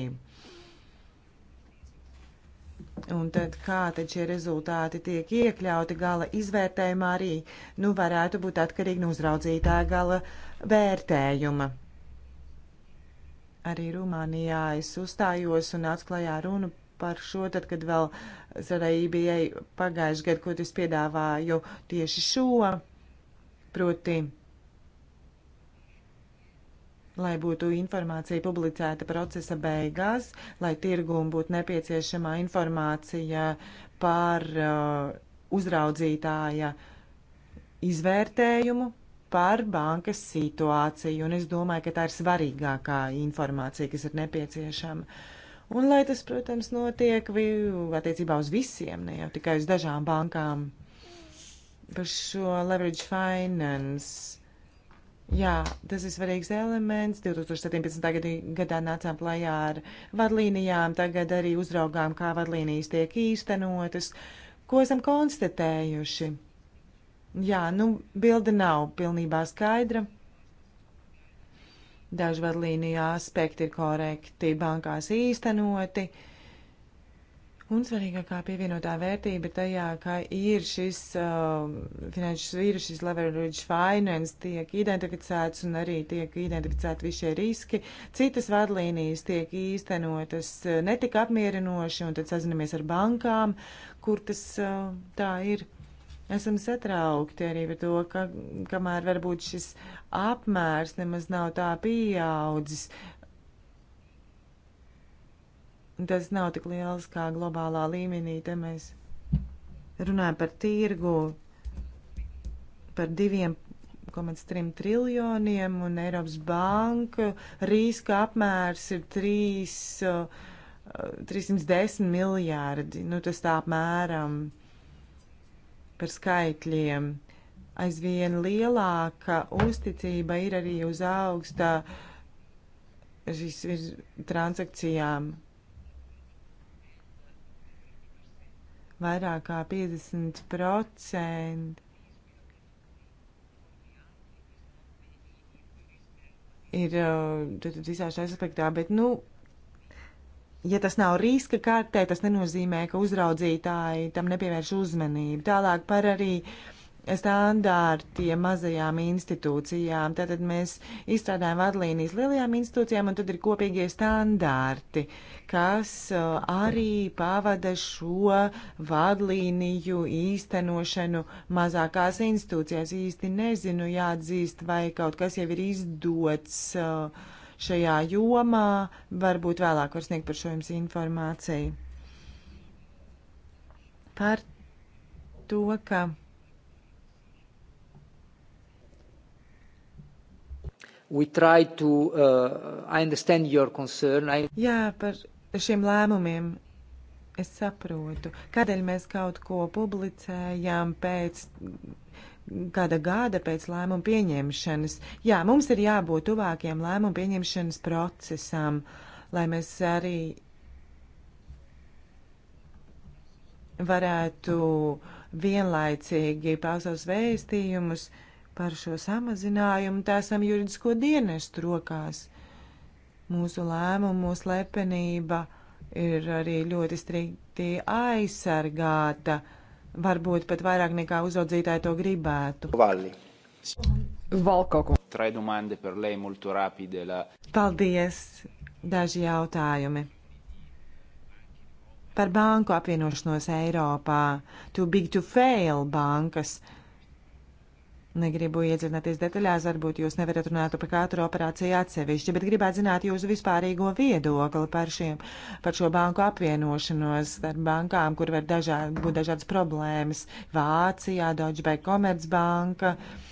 Un tad kā tad šie rezultāti tiek iekļauti gala izvērtējumā arī, nu, varētu būt atkarīgi no uzraudzītāja gala vērtējuma arī Rumānijā es uzstājos un atklājā runu par šo, tad, kad vēl Zarēja bija pagājuši gadu, ko es piedāvāju tieši šo. Proti, lai būtu informācija publicēta procesa beigās, lai tirgumu būtu nepieciešamā informācija par uh, uzraudzītāja izvērtējumu par bankas situāciju, un es domāju, ka tā ir svarīgākā informācija, kas ir nepieciešama. Un lai tas, protams, notiek attiecībā uz visiem, ne jau tikai uz dažām bankām par šo leverage finance. Jā, tas ir svarīgs elements. 2017. Gadi, gadā nācām klajā ar vadlīnijām, tagad arī uzraugām, kā vadlīnijas tiek īstenotas. Ko esam konstatējuši? Jā, nu, bilde nav pilnībā skaidra. Daži vadlīnija aspekti ir korekti bankās īstenoti. Uh, Un svarīgākā pievienotā vērtība tajā, ka ir šis uh, finanšu svīru, šis leverage finance tiek identificēts un arī tiek identificēti visi šie riski. Citas vadlīnijas tiek īstenotas uh, netika apmierinoši un tad sazinamies ar bankām, kur tas uh, tā ir. Esam satraukti arī par to, ka kamēr varbūt šis apmērs nemaz nav tā pieaudzis, uh, tas nav tik liels kā globālā līmenī. Te mēs runājam par tirgu, par diviem 1,3 triljoniem, un Eiropas banka riska apmērs ir 3, 310 miljārdi. Nu, tas tā apmēram par skaitļiem. Aizvien lielāka uzticība ir arī uz augsta šīs transakcijām. vairāk kā 50% ir uh, tad visā šajā aspektā, bet, nu, ja tas nav riska kārtē, tas nenozīmē, ka uzraudzītāji tam nepievērš uzmanību. Tālāk par arī uh, standārtiem mazajām institūcijām. Tātad mēs izstrādājam vadlīnijas lielajām institūcijām, un tad ir kopīgie standārti, kas uh, arī pavada šo vadlīniju īstenošanu mazākās institūcijās. Īsti nezinu, jāatzīst, vai kaut kas jau ir izdots uh, šajā jomā. Varbūt vēlāk var sniegt par šo jums informāciju. Par to, ka We try to, uh, I understand your concern. I... Jā, par šiem lēmumiem es saprotu. Kādēļ mēs kaut ko publicējām pēc kāda gada pēc lēmuma pieņemšanas. Jā, mums ir jābūt tuvākiem lēmumu pieņemšanas procesam, lai mēs arī varētu vienlaicīgi paust savus vēstījumus. Uh, par šo samazinājumu, tā esam juridisko dienestu rokās. Mūsu lēmumu slepenība ir arī ļoti strikti aizsargāta, varbūt pat vairāk nekā uzraudzītāji to gribētu. Valli. Valkoku. Tre domande per lei molto rapide. La... Paldies! Daži jautājumi. Par banku apvienošanos Eiropā. Too big to fail bankas. Uh, Negribu iedzināties detaļās, varbūt jūs nevarat runāt par katru operāciju atsevišķi, bet gribētu zināt jūsu vispārīgo viedokli par, šiem, par šo banku apvienošanos ar bankām, kur var dažād, būt dažādas problēmas. Vācijā, Deutsche Bank, Komercbanka. Mm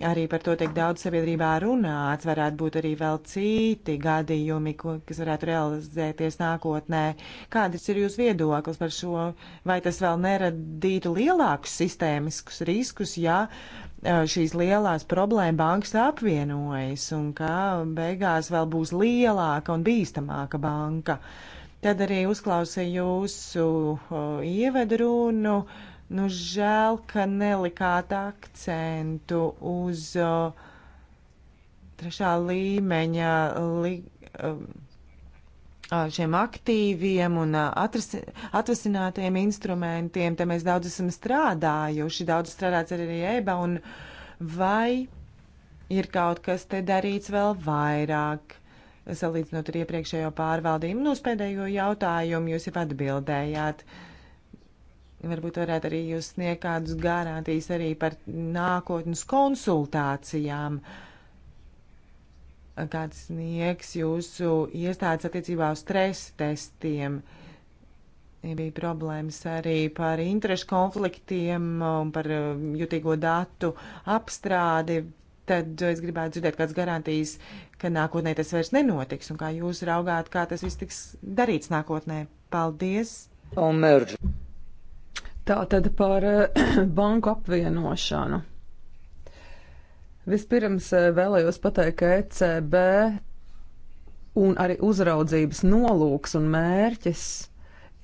arī par to tiek daudz sabiedrībā runāts. Varētu būt arī vēl citi gadījumi, ko, kas varētu realizēties nākotnē. Kādas ir jūsu viedoklis par šo? Vai tas vēl neradītu lielākus sistēmiskus riskus, ja šīs lielās problēma bankas apvienojas un ka beigās vēl būs lielāka un bīstamāka banka? Tad arī uzklausīju jūsu ievadrunu. Uh, Nu, žēl, ka nelikāt akcentu uz uh, trešā līmeņa li, uh, šiem aktīviem un uh, atras, atvasinātajiem instrumentiem. Te mēs daudz esam strādājuši, daudz strādāts arī EBA. Un vai ir kaut kas te darīts vēl vairāk? Salīdzinot ar iepriekšējo pārvaldību, nu, uz pēdējo jautājumu jūs jau atbildējāt. Uh, Varbūt varētu arī jūs sniegt kādus garantijas arī par nākotnes konsultācijām. Kāds sniegs jūsu iestādes attiecībā uz stresa testiem? Bija problēmas arī par interešu konfliktiem un par uh, jutīgo datu apstrādi. Tad es gribētu dzirdēt kādas garantijas, ka nākotnē tas vairs nenotiks un kā jūs raugāt, kā tas viss tiks darīts nākotnē. Paldies! Un mērķi! Tātad par eh, banku apvienošanu. Vispirms eh, vēlējos pateikt, ka ECB un arī uzraudzības nolūks un mērķis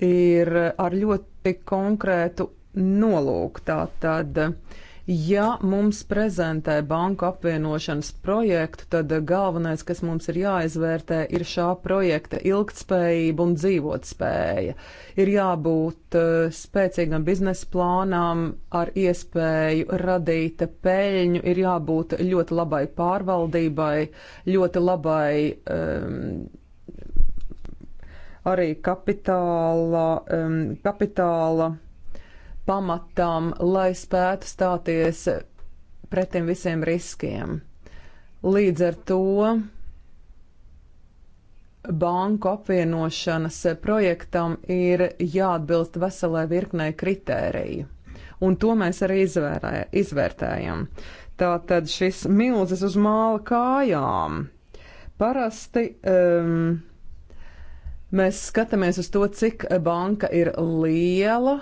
ir ar ļoti konkrētu nolūku. Tātad uh, Ja mums prezentē banku apvienošanas projektu, tad galvenais, kas mums ir jāizvērtē, ir šā projekta ilgtspējība un dzīvotspēja. Ir jābūt eh, spēcīgam biznesa plānam ar iespēju radīt peļņu, ir jābūt ļoti labai pārvaldībai, ļoti labai. Um, arī kapitāla, um, kapitāla pamatam, lai spētu stāties pretim visiem riskiem. Līdz ar to banku apvienošanas projektam ir jāatbilst veselai virknei kritēriju. Un to mēs arī izvērē, izvērtējam. Tātad šis milzis uz māla kājām. Parasti um, mēs skatāmies uz to, cik banka ir liela,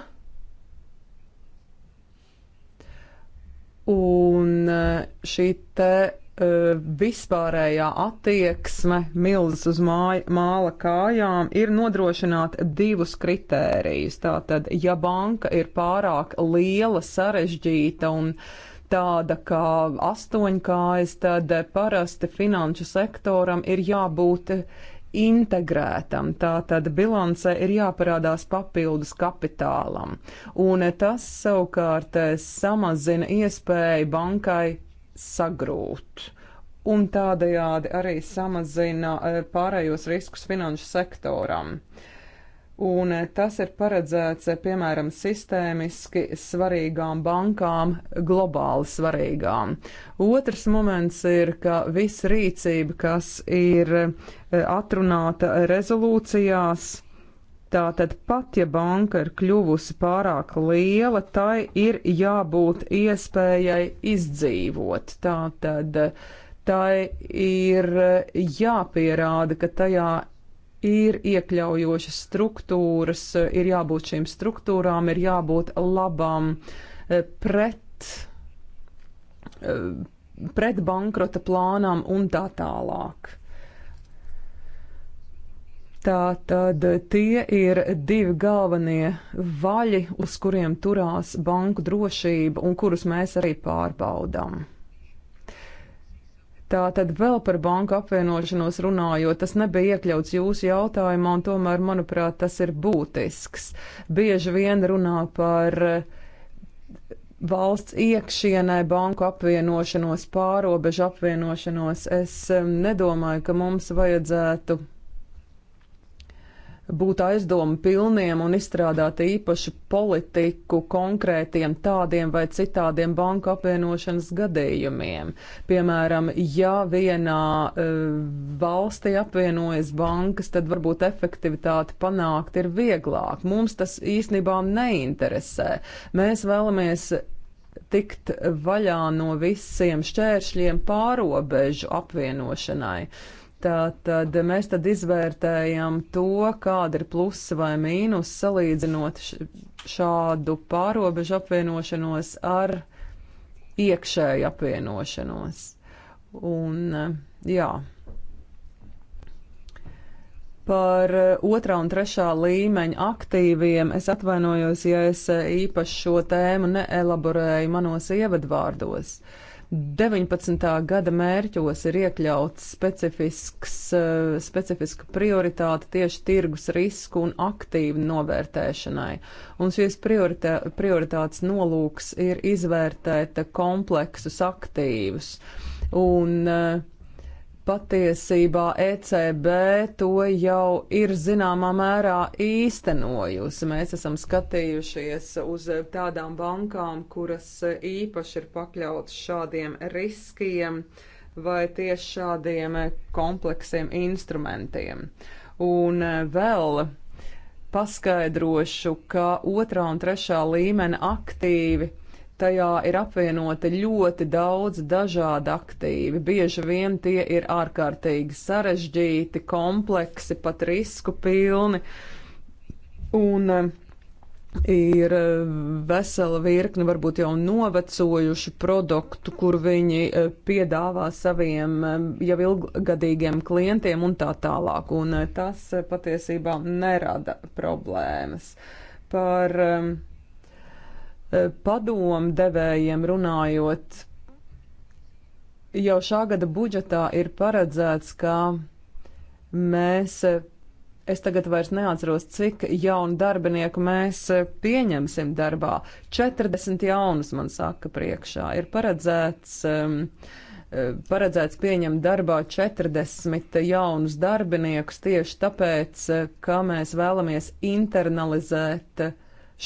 Un eh, šī te eh, vispārējā attieksme milz uz māja, māla kājām ir nodrošināt divus kritērijus. Tātad, ja banka ir pārāk liela, sarežģīta un tāda kā astoņkājas, tad parasti finanšu sektoram ir jābūt integrētam. Tātad bilancē ir jāparādās papildus kapitālam, un tas savukārt eh, samazina iespēju bankai sagrūt. Un tādējādi arī samazina eh, pārējos riskus finanšu sektoram. Uh, un eh, tas ir paredzēts eh, piemēram sistēmiski svarīgām bankām, globāli svarīgām. Otrs moments ir, ka viss rīcība, kas ir eh, atrunāta rezolūcijās, Tātad pat ja banka ir kļuvusi pārāk liela, tai ir jābūt iespējai izdzīvot. Tātad tai ir jāpierāda, ka tajā ir iekļaujošas struktūras, ir jābūt šīm struktūrām, ir jābūt labām eh, pret, eh, pret bankrota plānām un tā tālāk. Tā tad tie ir divi galvenie vaļi, uz kuriem turās banku drošība un kurus mēs arī pārbaudām. Tā tad vēl par banku apvienošanos runājot, tas nebija iekļauts jūsu jautājumā, un tomēr, manuprāt, tas ir būtisks. Bieži vien runā par valsts iekšienē banku apvienošanos, pārobežu apvienošanos. Es nedomāju, ka mums vajadzētu būt aizdomu pilniem un izstrādāt īpašu politiku konkrētiem tādiem vai citādiem banku apvienošanas gadījumiem. Piemēram, ja vienā e, valstī apvienojas bankas, tad varbūt efektivitāti panākt ir vieglāk. Mums tas īstenībā neinteresē. Mēs vēlamies tikt vaļā no visiem šķēršļiem pārobežu apvienošanai. Uh, Tātad mēs tad izvērtējam to, kāda ir plusi vai mīnus salīdzinot šādu pārobežu apvienošanos ar iekšēju apvienošanos. Un, jā. Par otrā un trešā līmeņa aktīviem es atvainojos, ja es īpaši šo tēmu neelaborēju manos ievadvārdos. Uh, 19. gada mērķos ir iekļauts eh, specifiska prioritāte tieši tirgus risku un aktīvu novērtēšanai. Un šīs prioritā, prioritātes nolūks ir izvērtēt kompleksus aktīvus. Un uh, patiesībā ECB to jau ir zināmā mērā īstenojusi. Mēs esam skatījušies uz tādām bankām, kuras īpaši ir pakļautas šādiem riskiem vai tieši šādiem kompleksiem instrumentiem. Un vēl paskaidrošu, ka otrā un trešā līmeņa aktīvi Tajā ir apvienoti ļoti daudz dažādi aktīvi. Bieži vien tie ir ārkārtīgi sarežģīti, kompleksi, pat risku pilni. Un eh, ir eh, vesela virkne varbūt jau novecojušu produktu, kur viņi eh, piedāvā saviem jau ilgadīgiem klientiem un tā tālāk. Un tas patiesībā nerada problēmas. Par um, Eh, padomdevējiem runājot, jau šā gada budžetā ir paredzēts, ka mēs, eh, es tagad vairs neatceros, cik jaunu darbinieku mēs eh, pieņemsim darbā. 40 jaunus man saka priekšā. Ir paredzēts. Um, paredzēts pieņemt darbā 40 jaunus darbiniekus tieši tāpēc, ka mēs vēlamies internalizēt uh,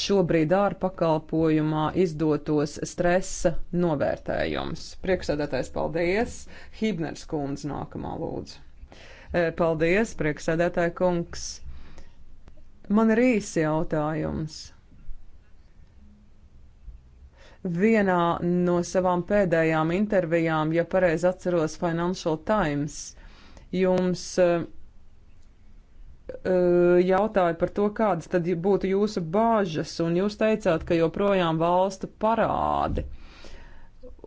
šobrīd ārpakalpojumā izdotos stresa novērtējums. Prieksēdētais paldies! Hibners kundze nākamā lūdzu. E, paldies, prieksēdētāja kungs! Man ir īsi jautājums. Vienā no savām pēdējām intervijām, ja pareizi atceros Financial Times, jums uh, Eh, jautāju par to, kādas tad būtu jūsu bāžas, un jūs teicāt, ka joprojām valstu parādi.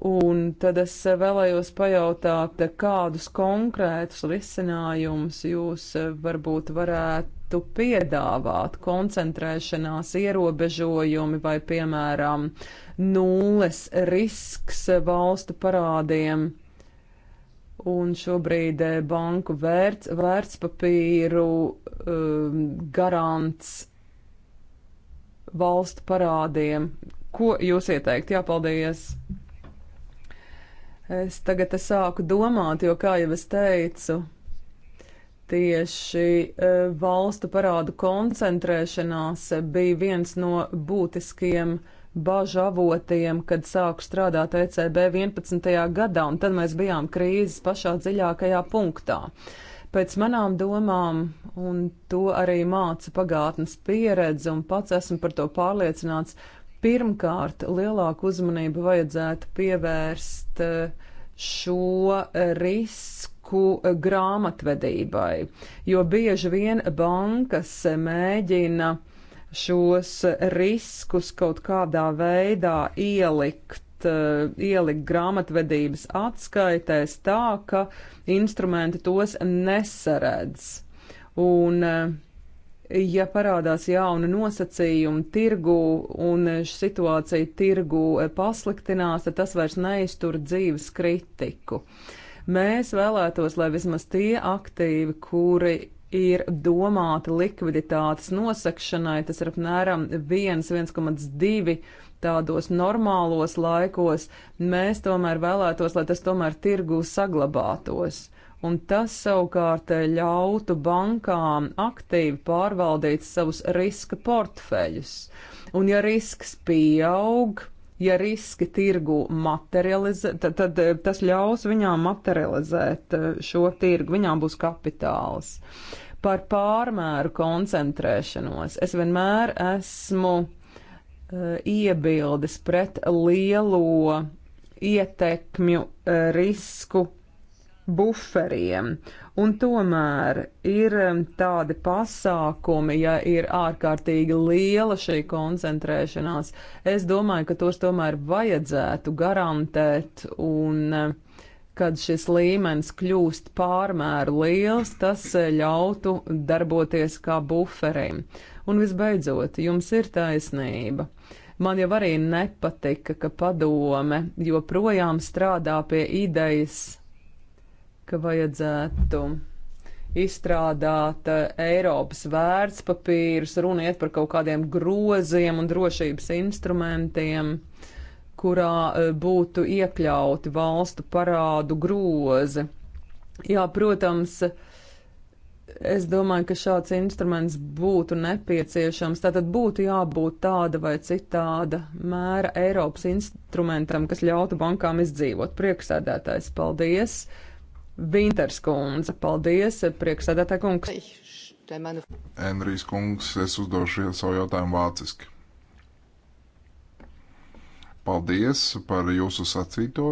Un tad es vēlējos pajautāt, kādus konkrētus risinājumus jūs eh, varbūt varētu piedāvāt koncentrēšanās ierobežojumi vai, piemēram, nulles risks valstu parādiem un šobrīd eh, banku vērts, vērtspapīru um, garants valstu parādiem. Ko jūs ieteikt? Jā, paldies! Es tagad es sāku domāt, jo, kā jau es teicu, tieši eh, valstu parādu koncentrēšanās bija viens no būtiskiem uh, bažu avotiem, kad sāku strādāt ECB 11. gadā, un tad mēs bijām krīzes pašā dziļākajā punktā. Pēc manām domām, un to arī māca pagātnes pieredze, un pats esmu par to pārliecināts, pirmkārt lielāku uzmanību vajadzētu pievērst eh, šo risku eh, grāmatvedībai, jo bieži vien bankas eh, mēģina uh, šos riskus kaut kādā veidā ielikt eh, ielikt grāmatvedības atskaitēs tā, ka instrumenti tos nesaredz. Un, eh, ja parādās jauni nosacījumi tirgu un situācija tirgu eh, pasliktinās, tad tas vairs neiztur dzīves kritiku. Mēs vēlētos, lai vismaz tie aktīvi, kuri ir domāti likviditātes nosakšanai. Tas ir apmēram 1,2 tādos normālos laikos. Mēs tomēr vēlētos, lai tas tomēr tirgū saglabātos. Un tas savukārt ļautu bankām aktīvi pārvaldīt savus riska portfeļus. Un ja risks pieaug, ja riski tirgu materializē, tad, tad eh, tas ļaus viņām materializēt eh, šo tirgu, viņām būs kapitāls. Uh, par pārmēru koncentrēšanos. Es vienmēr esmu uh, iebildes pret lielo ietekmju uh, risku buferiem. Un tomēr ir eh, tādi pasākumi, ja ir ārkārtīgi liela šī koncentrēšanās, es domāju, ka tos tomēr vajadzētu garantēt un uh, kad šis līmenis kļūst pārmēru liels, tas e, ļautu darboties kā buferim. Un visbeidzot, jums ir taisnība. Man jau arī nepatika, ka padome joprojām strādā pie idejas, ka vajadzētu izstrādāt e, Eiropas vērtspapīrus, runiet par kaut kādiem groziem un drošības instrumentiem. Uh, kurā e, būtu iekļauti valstu parādu grozi. Jā, protams, es domāju, ka šāds instruments būtu nepieciešams. Tātad būtu jābūt tāda vai citāda mēra Eiropas instrumentam, kas ļautu bankām izdzīvot. Prieksēdētājs, paldies! Vinters kundze, paldies! Prieksēdētāj kungs! Enrijs kungs, es uzdošu savu jautājumu vāciski. Paldies par jūsu sacīto.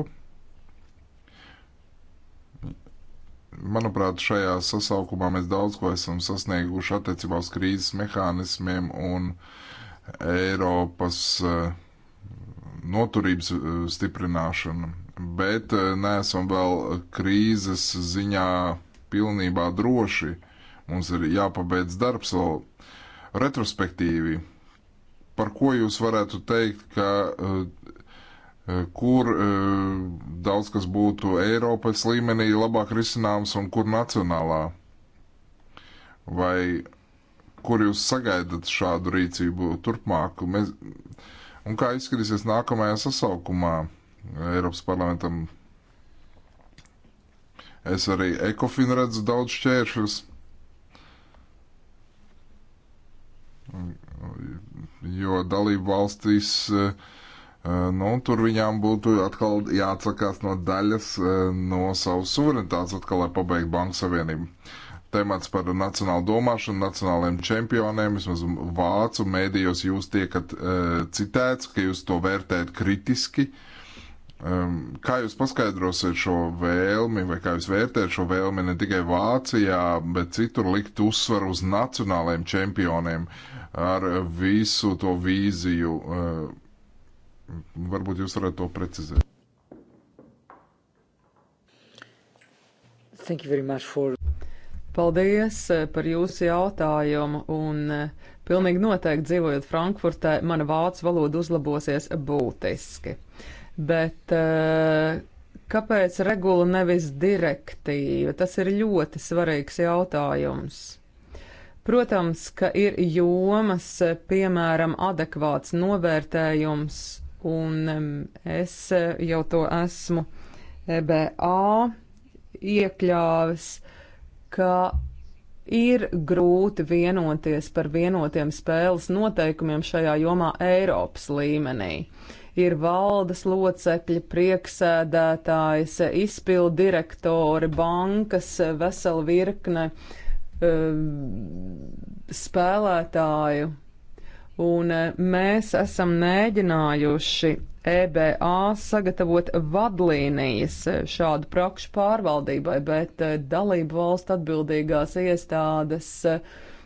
Manuprāt, šajā sasaukumā mēs daudz ko esam sasnieguši attiecībā uz krīzes mehānismiem un Eiropas eh, noturības eh, stiprināšanu, bet eh, neesam vēl krīzes ziņā pilnībā droši. Mums ir jāpabeidz darbs vēl retrospektīvi. Par ko jūs varētu teikt, ka Eh, kur eh, daudz kas būtu Eiropas līmenī labāk risināms un kur nacionālā? Vai kur jūs sagaidat šādu rīcību turpmāk? Mēs, un kā izskatīsies nākamajā sasaukumā Eiropas parlamentam? Es arī ekofinu redzu daudz šķēršļus. Jo dalību valstīs uh, Nu, tur viņām būtu atkal jāatsakās no daļas no savas suverenitātes, atkal, lai pabeigtu Banku Savienību. Temats par nacionālu domāšanu, nacionālajiem čempioniem, vismaz vācu mēdījos jūs tiekat uh, citēts, ka jūs to vērtējat kritiski. Um, kā jūs paskaidrosiet šo vēlmi, vai kā jūs vērtējat šo vēlmi ne tikai Vācijā, bet citur likt uzsvaru uz nacionālajiem čempioniem ar visu to vīziju? Uh, varbūt jūs varētu to precizēt. For... Paldies eh, par jūsu jautājumu un eh, pilnīgi noteikti dzīvojot Frankfurtē, mana vācu valoda uzlabosies būtiski. Bet eh, kāpēc regula nevis direktīva? Tas ir ļoti svarīgs jautājums. Protams, ka ir jomas, piemēram, adekvāts novērtējums un es eh, jau to esmu EBA iekļāvis, ka ir grūti vienoties par vienotiem spēles noteikumiem šajā jomā Eiropas līmenī. Ir valdes locekļi, prieksēdētājs, izpildu direktori, bankas, vesela virkne spēlētāju un eh, mēs esam mēģinājuši EBA sagatavot vadlīnijas eh, šādu prakšu pārvaldībai, bet eh, dalību valstu atbildīgās iestādes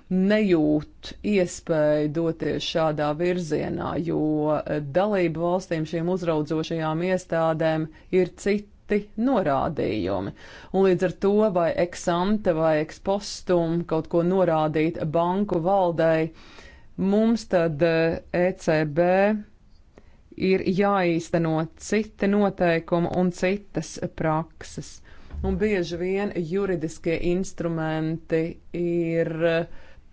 nejūt iespēju doties šādā virzienā, jo dalību valstīm šīm uzraudzošajām iestādēm ir citi norādījumi. Un līdz ar to vai eksante vai ekspostum kaut ko norādīt banku valdei, uh, Mums tad ECB eh, e ir jāīsteno citi noteikumi un citas prakses. Un bieži vien juridiskie instrumenti ir eh,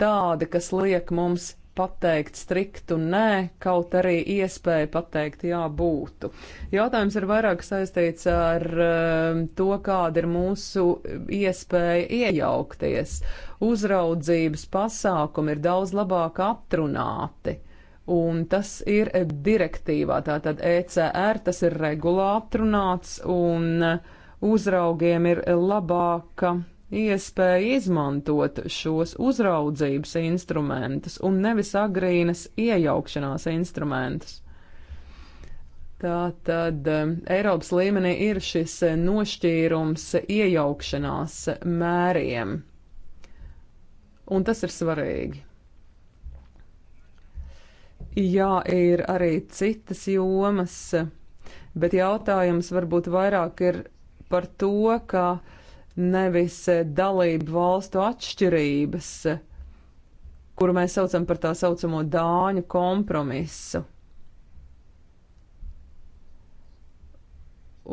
tādi, kas liek mums pateikt striktu nē, kaut arī iespēja pateikt jā būtu. Jautājums ir vairāk saistīts ar um, to, kāda ir mūsu iespēja iejaukties. Uzraudzības pasākumi ir daudz labāk atrunāti. Un tas ir direktīvā, tātad ECR, tas ir regulā atrunāts, un uzraugiem ir labāka iespēja izmantot šos uzraudzības instrumentus un nevis agrīnas iejaukšanās instrumentus. Tā tad um, Eiropas līmenī ir šis uh, nošķīrums iejaukšanās mēriem, un tas ir svarīgi. Jā, ir arī citas jomas, bet jautājums varbūt vairāk ir par to, ka uh, nevis eh, dalību valstu atšķirības, kuru mēs saucam par tā saucamo dāņu kompromisu.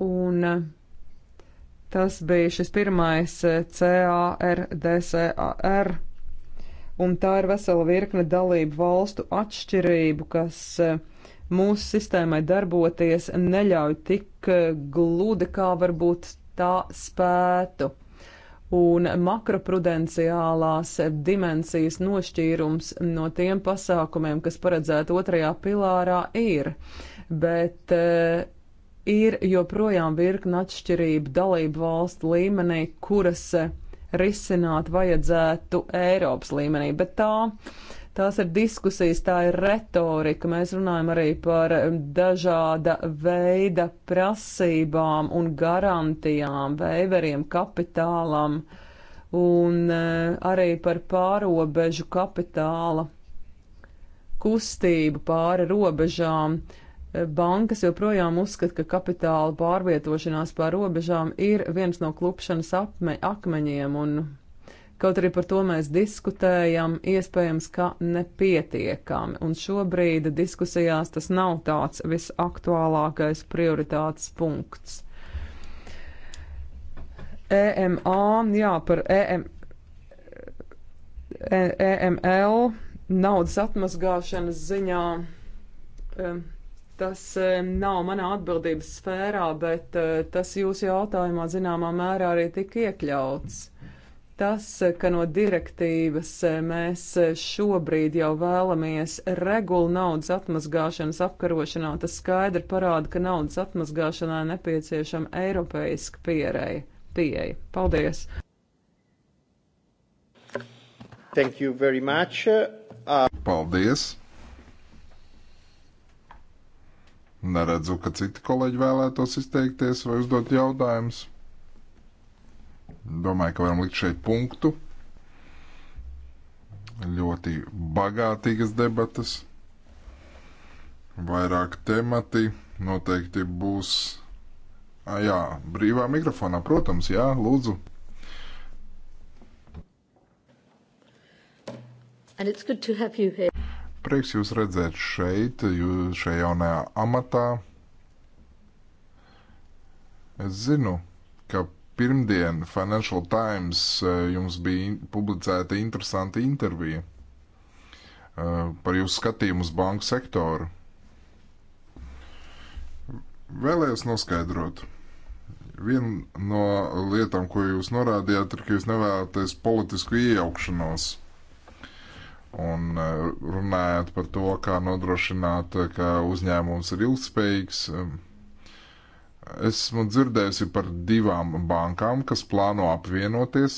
Un eh, tas bija šis pirmais eh, CARDCAR un tā ir vesela virkne dalību valstu atšķirību, kas mūsu sistēmai darboties neļauj tik gludi, kā varbūt tā spētu. Un makroprudenciālās dimensijas nošķīrums no tiem pasākumiem, kas paredzēti otrajā pilārā, ir. Bet e, ir joprojām virkna atšķirība dalību valstu līmenī, kuras eh, risināt vajadzētu Eiropas līmenī. Bet tā Tās ir diskusijas, tā ir retorika. Mēs runājam arī par dažāda veida prasībām un garantijām, veiveriem, kapitālam un eh, arī par pārobežu kapitāla kustību pāri robežām. Eh, bankas joprojām uzskata, ka kapitāla pārvietošanās pāri robežām ir viens no klupšanas akmeņiem, un Kaut arī par to mēs diskutējam, iespējams, ka nepietiekami, un šobrīd diskusijās tas nav tāds visaktuālākais prioritātes punkts. EMA, jā, par EM, e, EML e naudas atmazgāšanas ziņā. Tas nav manā atbildības sfērā, bet eh, tas jūsu jautājumā zināmā mērā arī tika iekļauts. Tas, ka no direktīvas eh, mēs eh, šobrīd jau vēlamies regulu naudas atmazgāšanas apkarošanā, tas skaidri parāda, ka naudas atmazgāšanā nepieciešama eiropeiska piereja. Pieeja. Paldies! Thank you very much. Uh... Paldies! Neredzu, ka citi kolēģi vēlētos izteikties vai uzdot jautājumus. Domāju, ka varam likt šeit punktu. Ļoti bagātīgas debatas, vairāk temati noteikti būs. A, jā, brīvā mikrofonā, protams, jā, lūdzu. Prieks jūs redzēt šeit, jūs šajā jaunajā amatā. Es zinu, ka pirmdien Financial Times eh, jums bija publicēta interesanta intervija eh, par jūsu skatījumu uz banku sektoru. Vēlējos noskaidrot. Viena no lietām, ko jūs norādījāt, ir, ka jūs nevēlaties politisku iejaukšanos un eh, runājāt par to, kā nodrošināt, ka uzņēmums ir ilgspējīgs. Esmu dzirdējusi par divām bankām, kas plāno apvienoties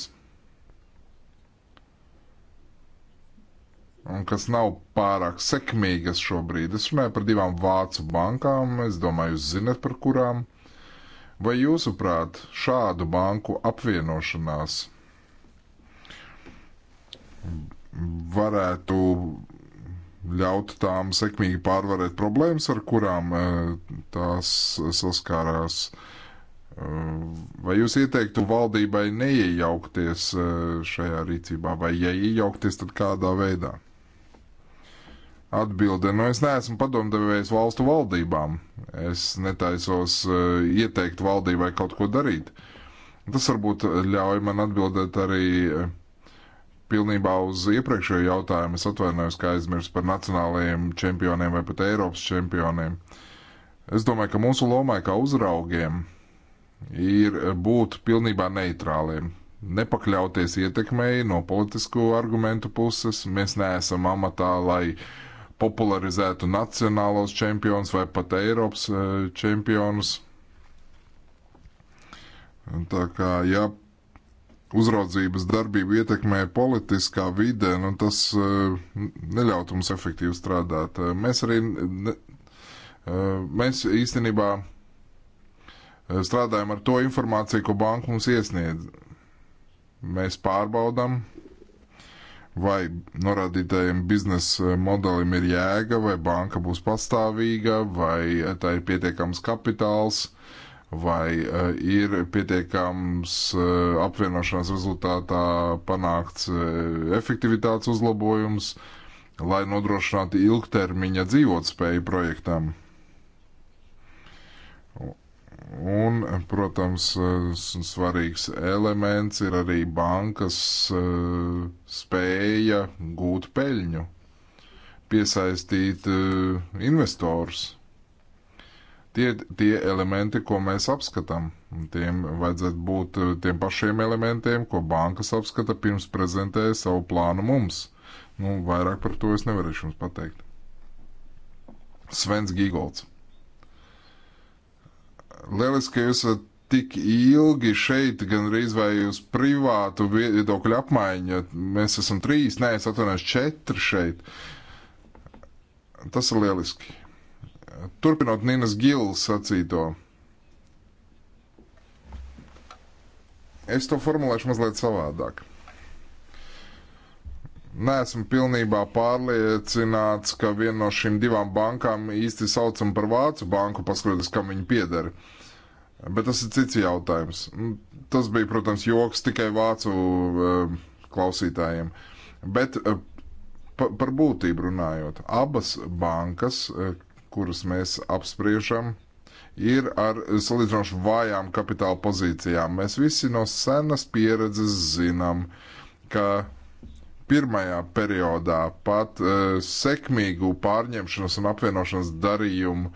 un kas nav pārāk sekmīgas šobrīd. Es runāju par divām vācu bankām, es domāju, jūs zinat par kurām. Vai jūsuprāt, šādu banku apvienošanās varētu ļaut tām sekmīgi pārvarēt problēmas, ar kurām eh, tās saskārās. Eh, vai jūs ieteiktu valdībai neiejaukties eh, šajā rīcībā, vai ja iejaukties, tad kādā veidā? Atbilde, nu es neesmu padomdevējs valstu valdībām. Es netaisos ieteikt valdībai kaut ko darīt. Tas varbūt ļauj man atbildēt arī uh, pilnībā uz iepriekšējo jautājumu. Es atvainojos, ka aizmirsu par nacionālajiem čempioniem vai pat Eiropas čempioniem. Es domāju, ka mūsu lomai kā uzraugiem ir būt pilnībā neitrāliem, nepakļauties ietekmei no politisko argumentu puses. Mēs neesam amatā, lai popularizētu nacionālos čempionus vai pat Eiropas eh, čempionus. Tā kā, ja uzraudzības darbību ietekmē politiskā vide, nu, tas e, neļaut mums efektīvi strādāt. E, mēs arī, ne, e, mēs īstenībā strādājam ar to informāciju, ko banka mums iesniedz. Mēs pārbaudam, vai norādītajiem biznesa modelim ir jēga, vai banka būs pastāvīga, vai tā ir pietiekams kapitāls. Uh, vai uh, ir pietiekams uh, apvienošanās rezultātā panākts uh, efektivitātes uzlabojums, lai nodrošinātu ilgtermiņa dzīvotspēju projektam. Un, protams, svarīgs elements ir arī bankas spēja gūt peļņu, piesaistīt investorus. Tie, tie elementi, ko mēs apskatām, tiem vajadzētu būt eh, tiem pašiem elementiem, ko bankas apskata pirms prezentē savu plānu mums. Nu, vairāk par to es nevarēšu jums pateikt. Svens Gigolds. Lieliski, ka jūs esat tik ilgi šeit, gan arī vai uz privātu viedokļu apmaiņu. Mēs esam trīs, nē, es atvainojos, četri šeit. Tas ir lieliski. Turpinot Ninas Gilas sacīto, es to formulēšu mazliet savādāk. Neesmu pilnībā pārliecināts, ka viena no šīm divām bankām īsti saucam par Vācu banku, paskatoties, kam viņi pieder. Bet tas ir cits jautājums. Nu, tas bija, protams, joks tikai vācu uh, klausītājiem. Bet uh, pa, par būtību runājot, abas bankas, uh, kurus mēs apspriešam, ir ar salīdzinoši vājām kapitāla pozīcijām. Mēs visi no senas pieredzes zinām, ka pirmajā periodā pat uh, sekmīgu pārņemšanas un apvienošanas darījumu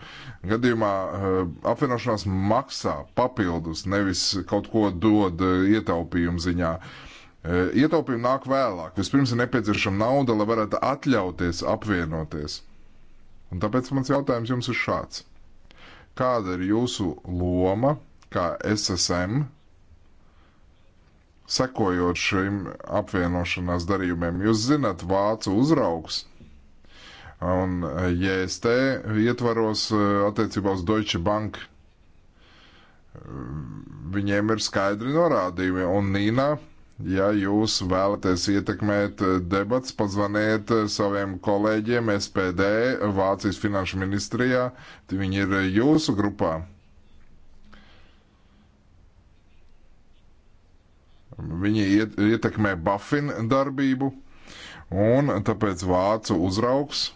gadījumā uh, apvienošanās maksā papildus, nevis kaut ko dod uh, ietaupījumu ziņā. Uh, ietaupījumi nāk vēlāk. Vispirms ir nepieciešama nauda, lai varētu atļauties apvienoties. Un tāpēc mans jautājums jums ir šāds. Kāda ir jūsu loma kā SSM, sekojot šim apvienošanās darījumiem? Jūs zinat, vācu uzraugs un JST ietvaros eh, attiecībā uz Deutsche Bank. Eh, viņiem ir skaidri norādījumi, un Nīna Ja jūs vēlaties ietekmēt eh, debats, pazvaniet eh, saviem kolēģiem SPD Vācijas finanšu ministrijā. Viņi ir jūsu grupā. Viņi iet, ietekmē Bafin darbību, un tāpēc Vācu uzraugs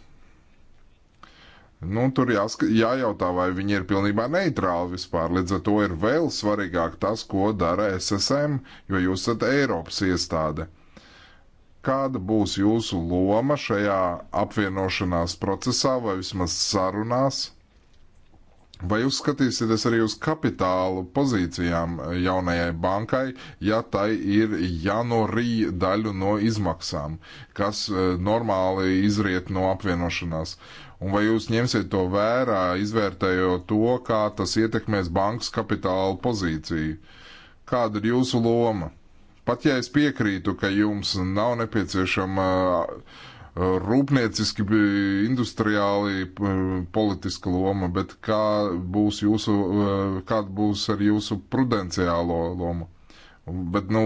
Nu, tur jāska, jājautā, vai viņi ir pilnībā neitrāli vispār. Līdz ar to ir vēl svarīgāk tas, ko dara SSM, jo jūs esat Eiropas iestāde. Kāda būs jūsu loma šajā apvienošanās procesā vai vismaz sarunās? Vai jūs skatīsieties arī uz kapitālu pozīcijām jaunajai bankai, ja tai ir jānorīja daļu no izmaksām, kas eh, normāli izriet no apvienošanās? Un vai jūs ņemsiet to vērā, izvērtējot to, kā tas ietekmēs bankas kapitāla pozīciju? Kāda ir jūsu loma? Pat ja es piekrītu, ka jums nav nepieciešama uh, rūpnieciski, uh, industriāli uh, politiska loma, bet kā būs jūsu, kāda būs ar jūsu prudenciālo lomu? Bet, nu,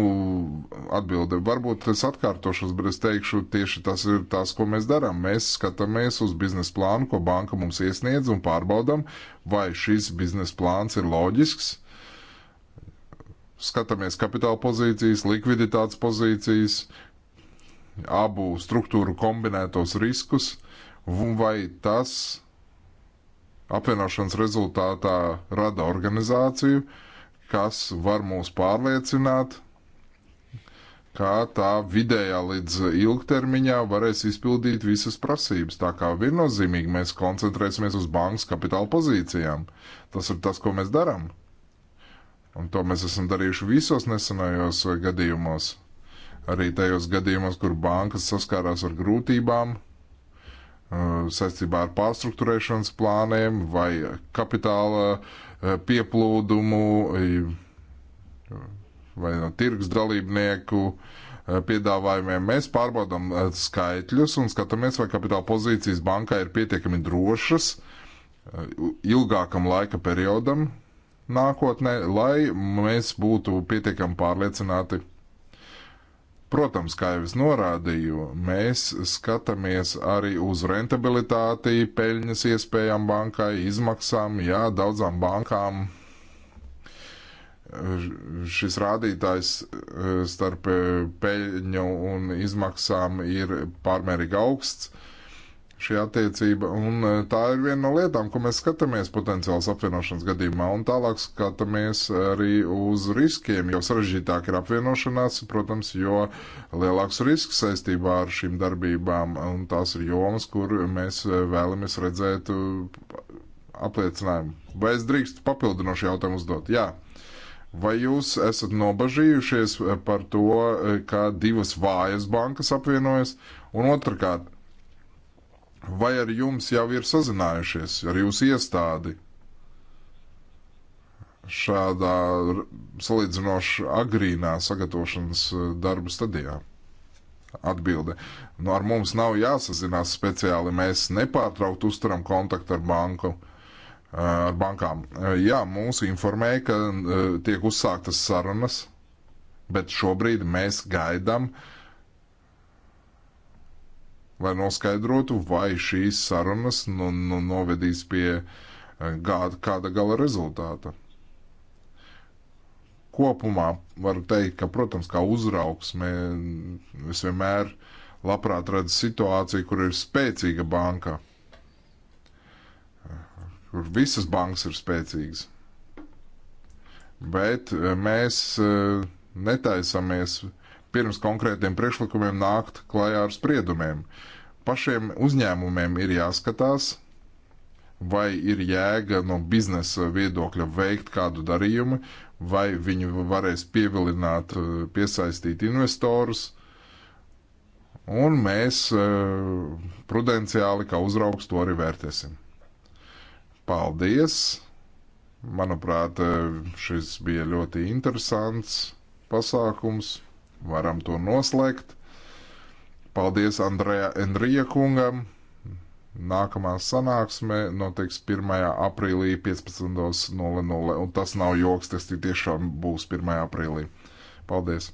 atbilde varbūt es atkārtošos, bet es teikšu, tieši tas ir tas, ko mēs darām. Mēs skatāmies uz biznesa plānu, ko banka mums iesniedz un pārbaudam, vai šis biznesa plāns ir loģisks. Skatāmies kapitāla pozīcijas, likviditātes pozīcijas, abu struktūru kombinētos riskus, vai tas apvienošanas rezultātā rada organizāciju, uh, kas var mūs pārliecināt, kā tā vidējā līdz ilgtermiņā varēs izpildīt visas prasības. Tā kā viennozīmīgi mēs koncentrēsimies uz bankas kapitāla pozīcijām. Tas ir tas, ko mēs darām. Un to mēs esam darījuši visos nesenajos gadījumos. Arī tajos gadījumos, kur bankas saskārās ar grūtībām, uh, saistībā ar pārstruktūrēšanas plāniem vai kapitāla uh, Eh, pieplūdumu vai no tirgus dalībnieku eh, piedāvājumiem. Mēs pārbaudām eh, skaitļus un skatāmies, vai kapitāla pozīcijas bankā ir pietiekami drošas ilgākam laika periodam nākotnē, lai mēs būtu pietiekami pārliecināti Protams, kā jau es norādīju, mēs skatāmies arī uz rentabilitāti, peļņas iespējām bankai, izmaksām, jā, daudzām bankām šis rādītājs eh, starp eh, peļņu un izmaksām ir pārmērīgi augsts. Uh, šī attiecība, un e, tā ir viena no lietām, ko mēs skatāmies potenciāls apvienošanas gadījumā, un tālāk skatāmies arī uz riskiem, jo sarežģītāk ir apvienošanās, protams, jo lielāks risks saistībā ar šīm darbībām, un tās ir jomas, kur mēs e, vēlamies redzēt e, apliecinājumu. Vai es drīkstu papildinošu jautājumu uzdot? Jā. Vai jūs esat nobažījušies par to, ka divas vājas bankas apvienojas? Un otrkārt, Vai ar jums jau ir sazinājušies, ar jūsu iestādi? Šādā salīdzinoši agrīnā sagatavošanas eh, darbu stadijā. Atbilde. Nu, ar mums nav jāsazinās speciāli. Mēs nepārtraukt uzturam kontaktu ar banku, eh, ar bankām. Eh, jā, mūs informēja, ka tiek uzsāktas sarunas, bet šobrīd mēs gaidām uh, lai noskaidrotu, vai šīs sarunas nu, nu, novedīs pie eh, gāda, kāda gala rezultāta. Kopumā varu teikt, ka, protams, kā uzraugs, mē, es vienmēr labprāt redzu situāciju, kur ir spēcīga banka, kur visas bankas ir spēcīgas. Bet eh, mēs eh, netaisamies pirms konkrētiem priekšlikumiem nākt klajā ar spriedumiem. Pašiem uzņēmumiem ir jāskatās, vai ir jēga no biznesa viedokļa veikt kādu darījumu, vai viņi varēs pievilināt, eh, piesaistīt investorus. Un mēs eh, prudenciāli, kā uzraugs, to arī vērtēsim. Paldies! Manuprāt, eh, šis bija ļoti interesants pasākums. Varam to noslēgt. Paldies Andrejā Endrija kungam. Nākamā sanāksme notiks 1. aprīlī 15.00, un tas nav joks, tas tiešām būs 1. aprīlī. Paldies!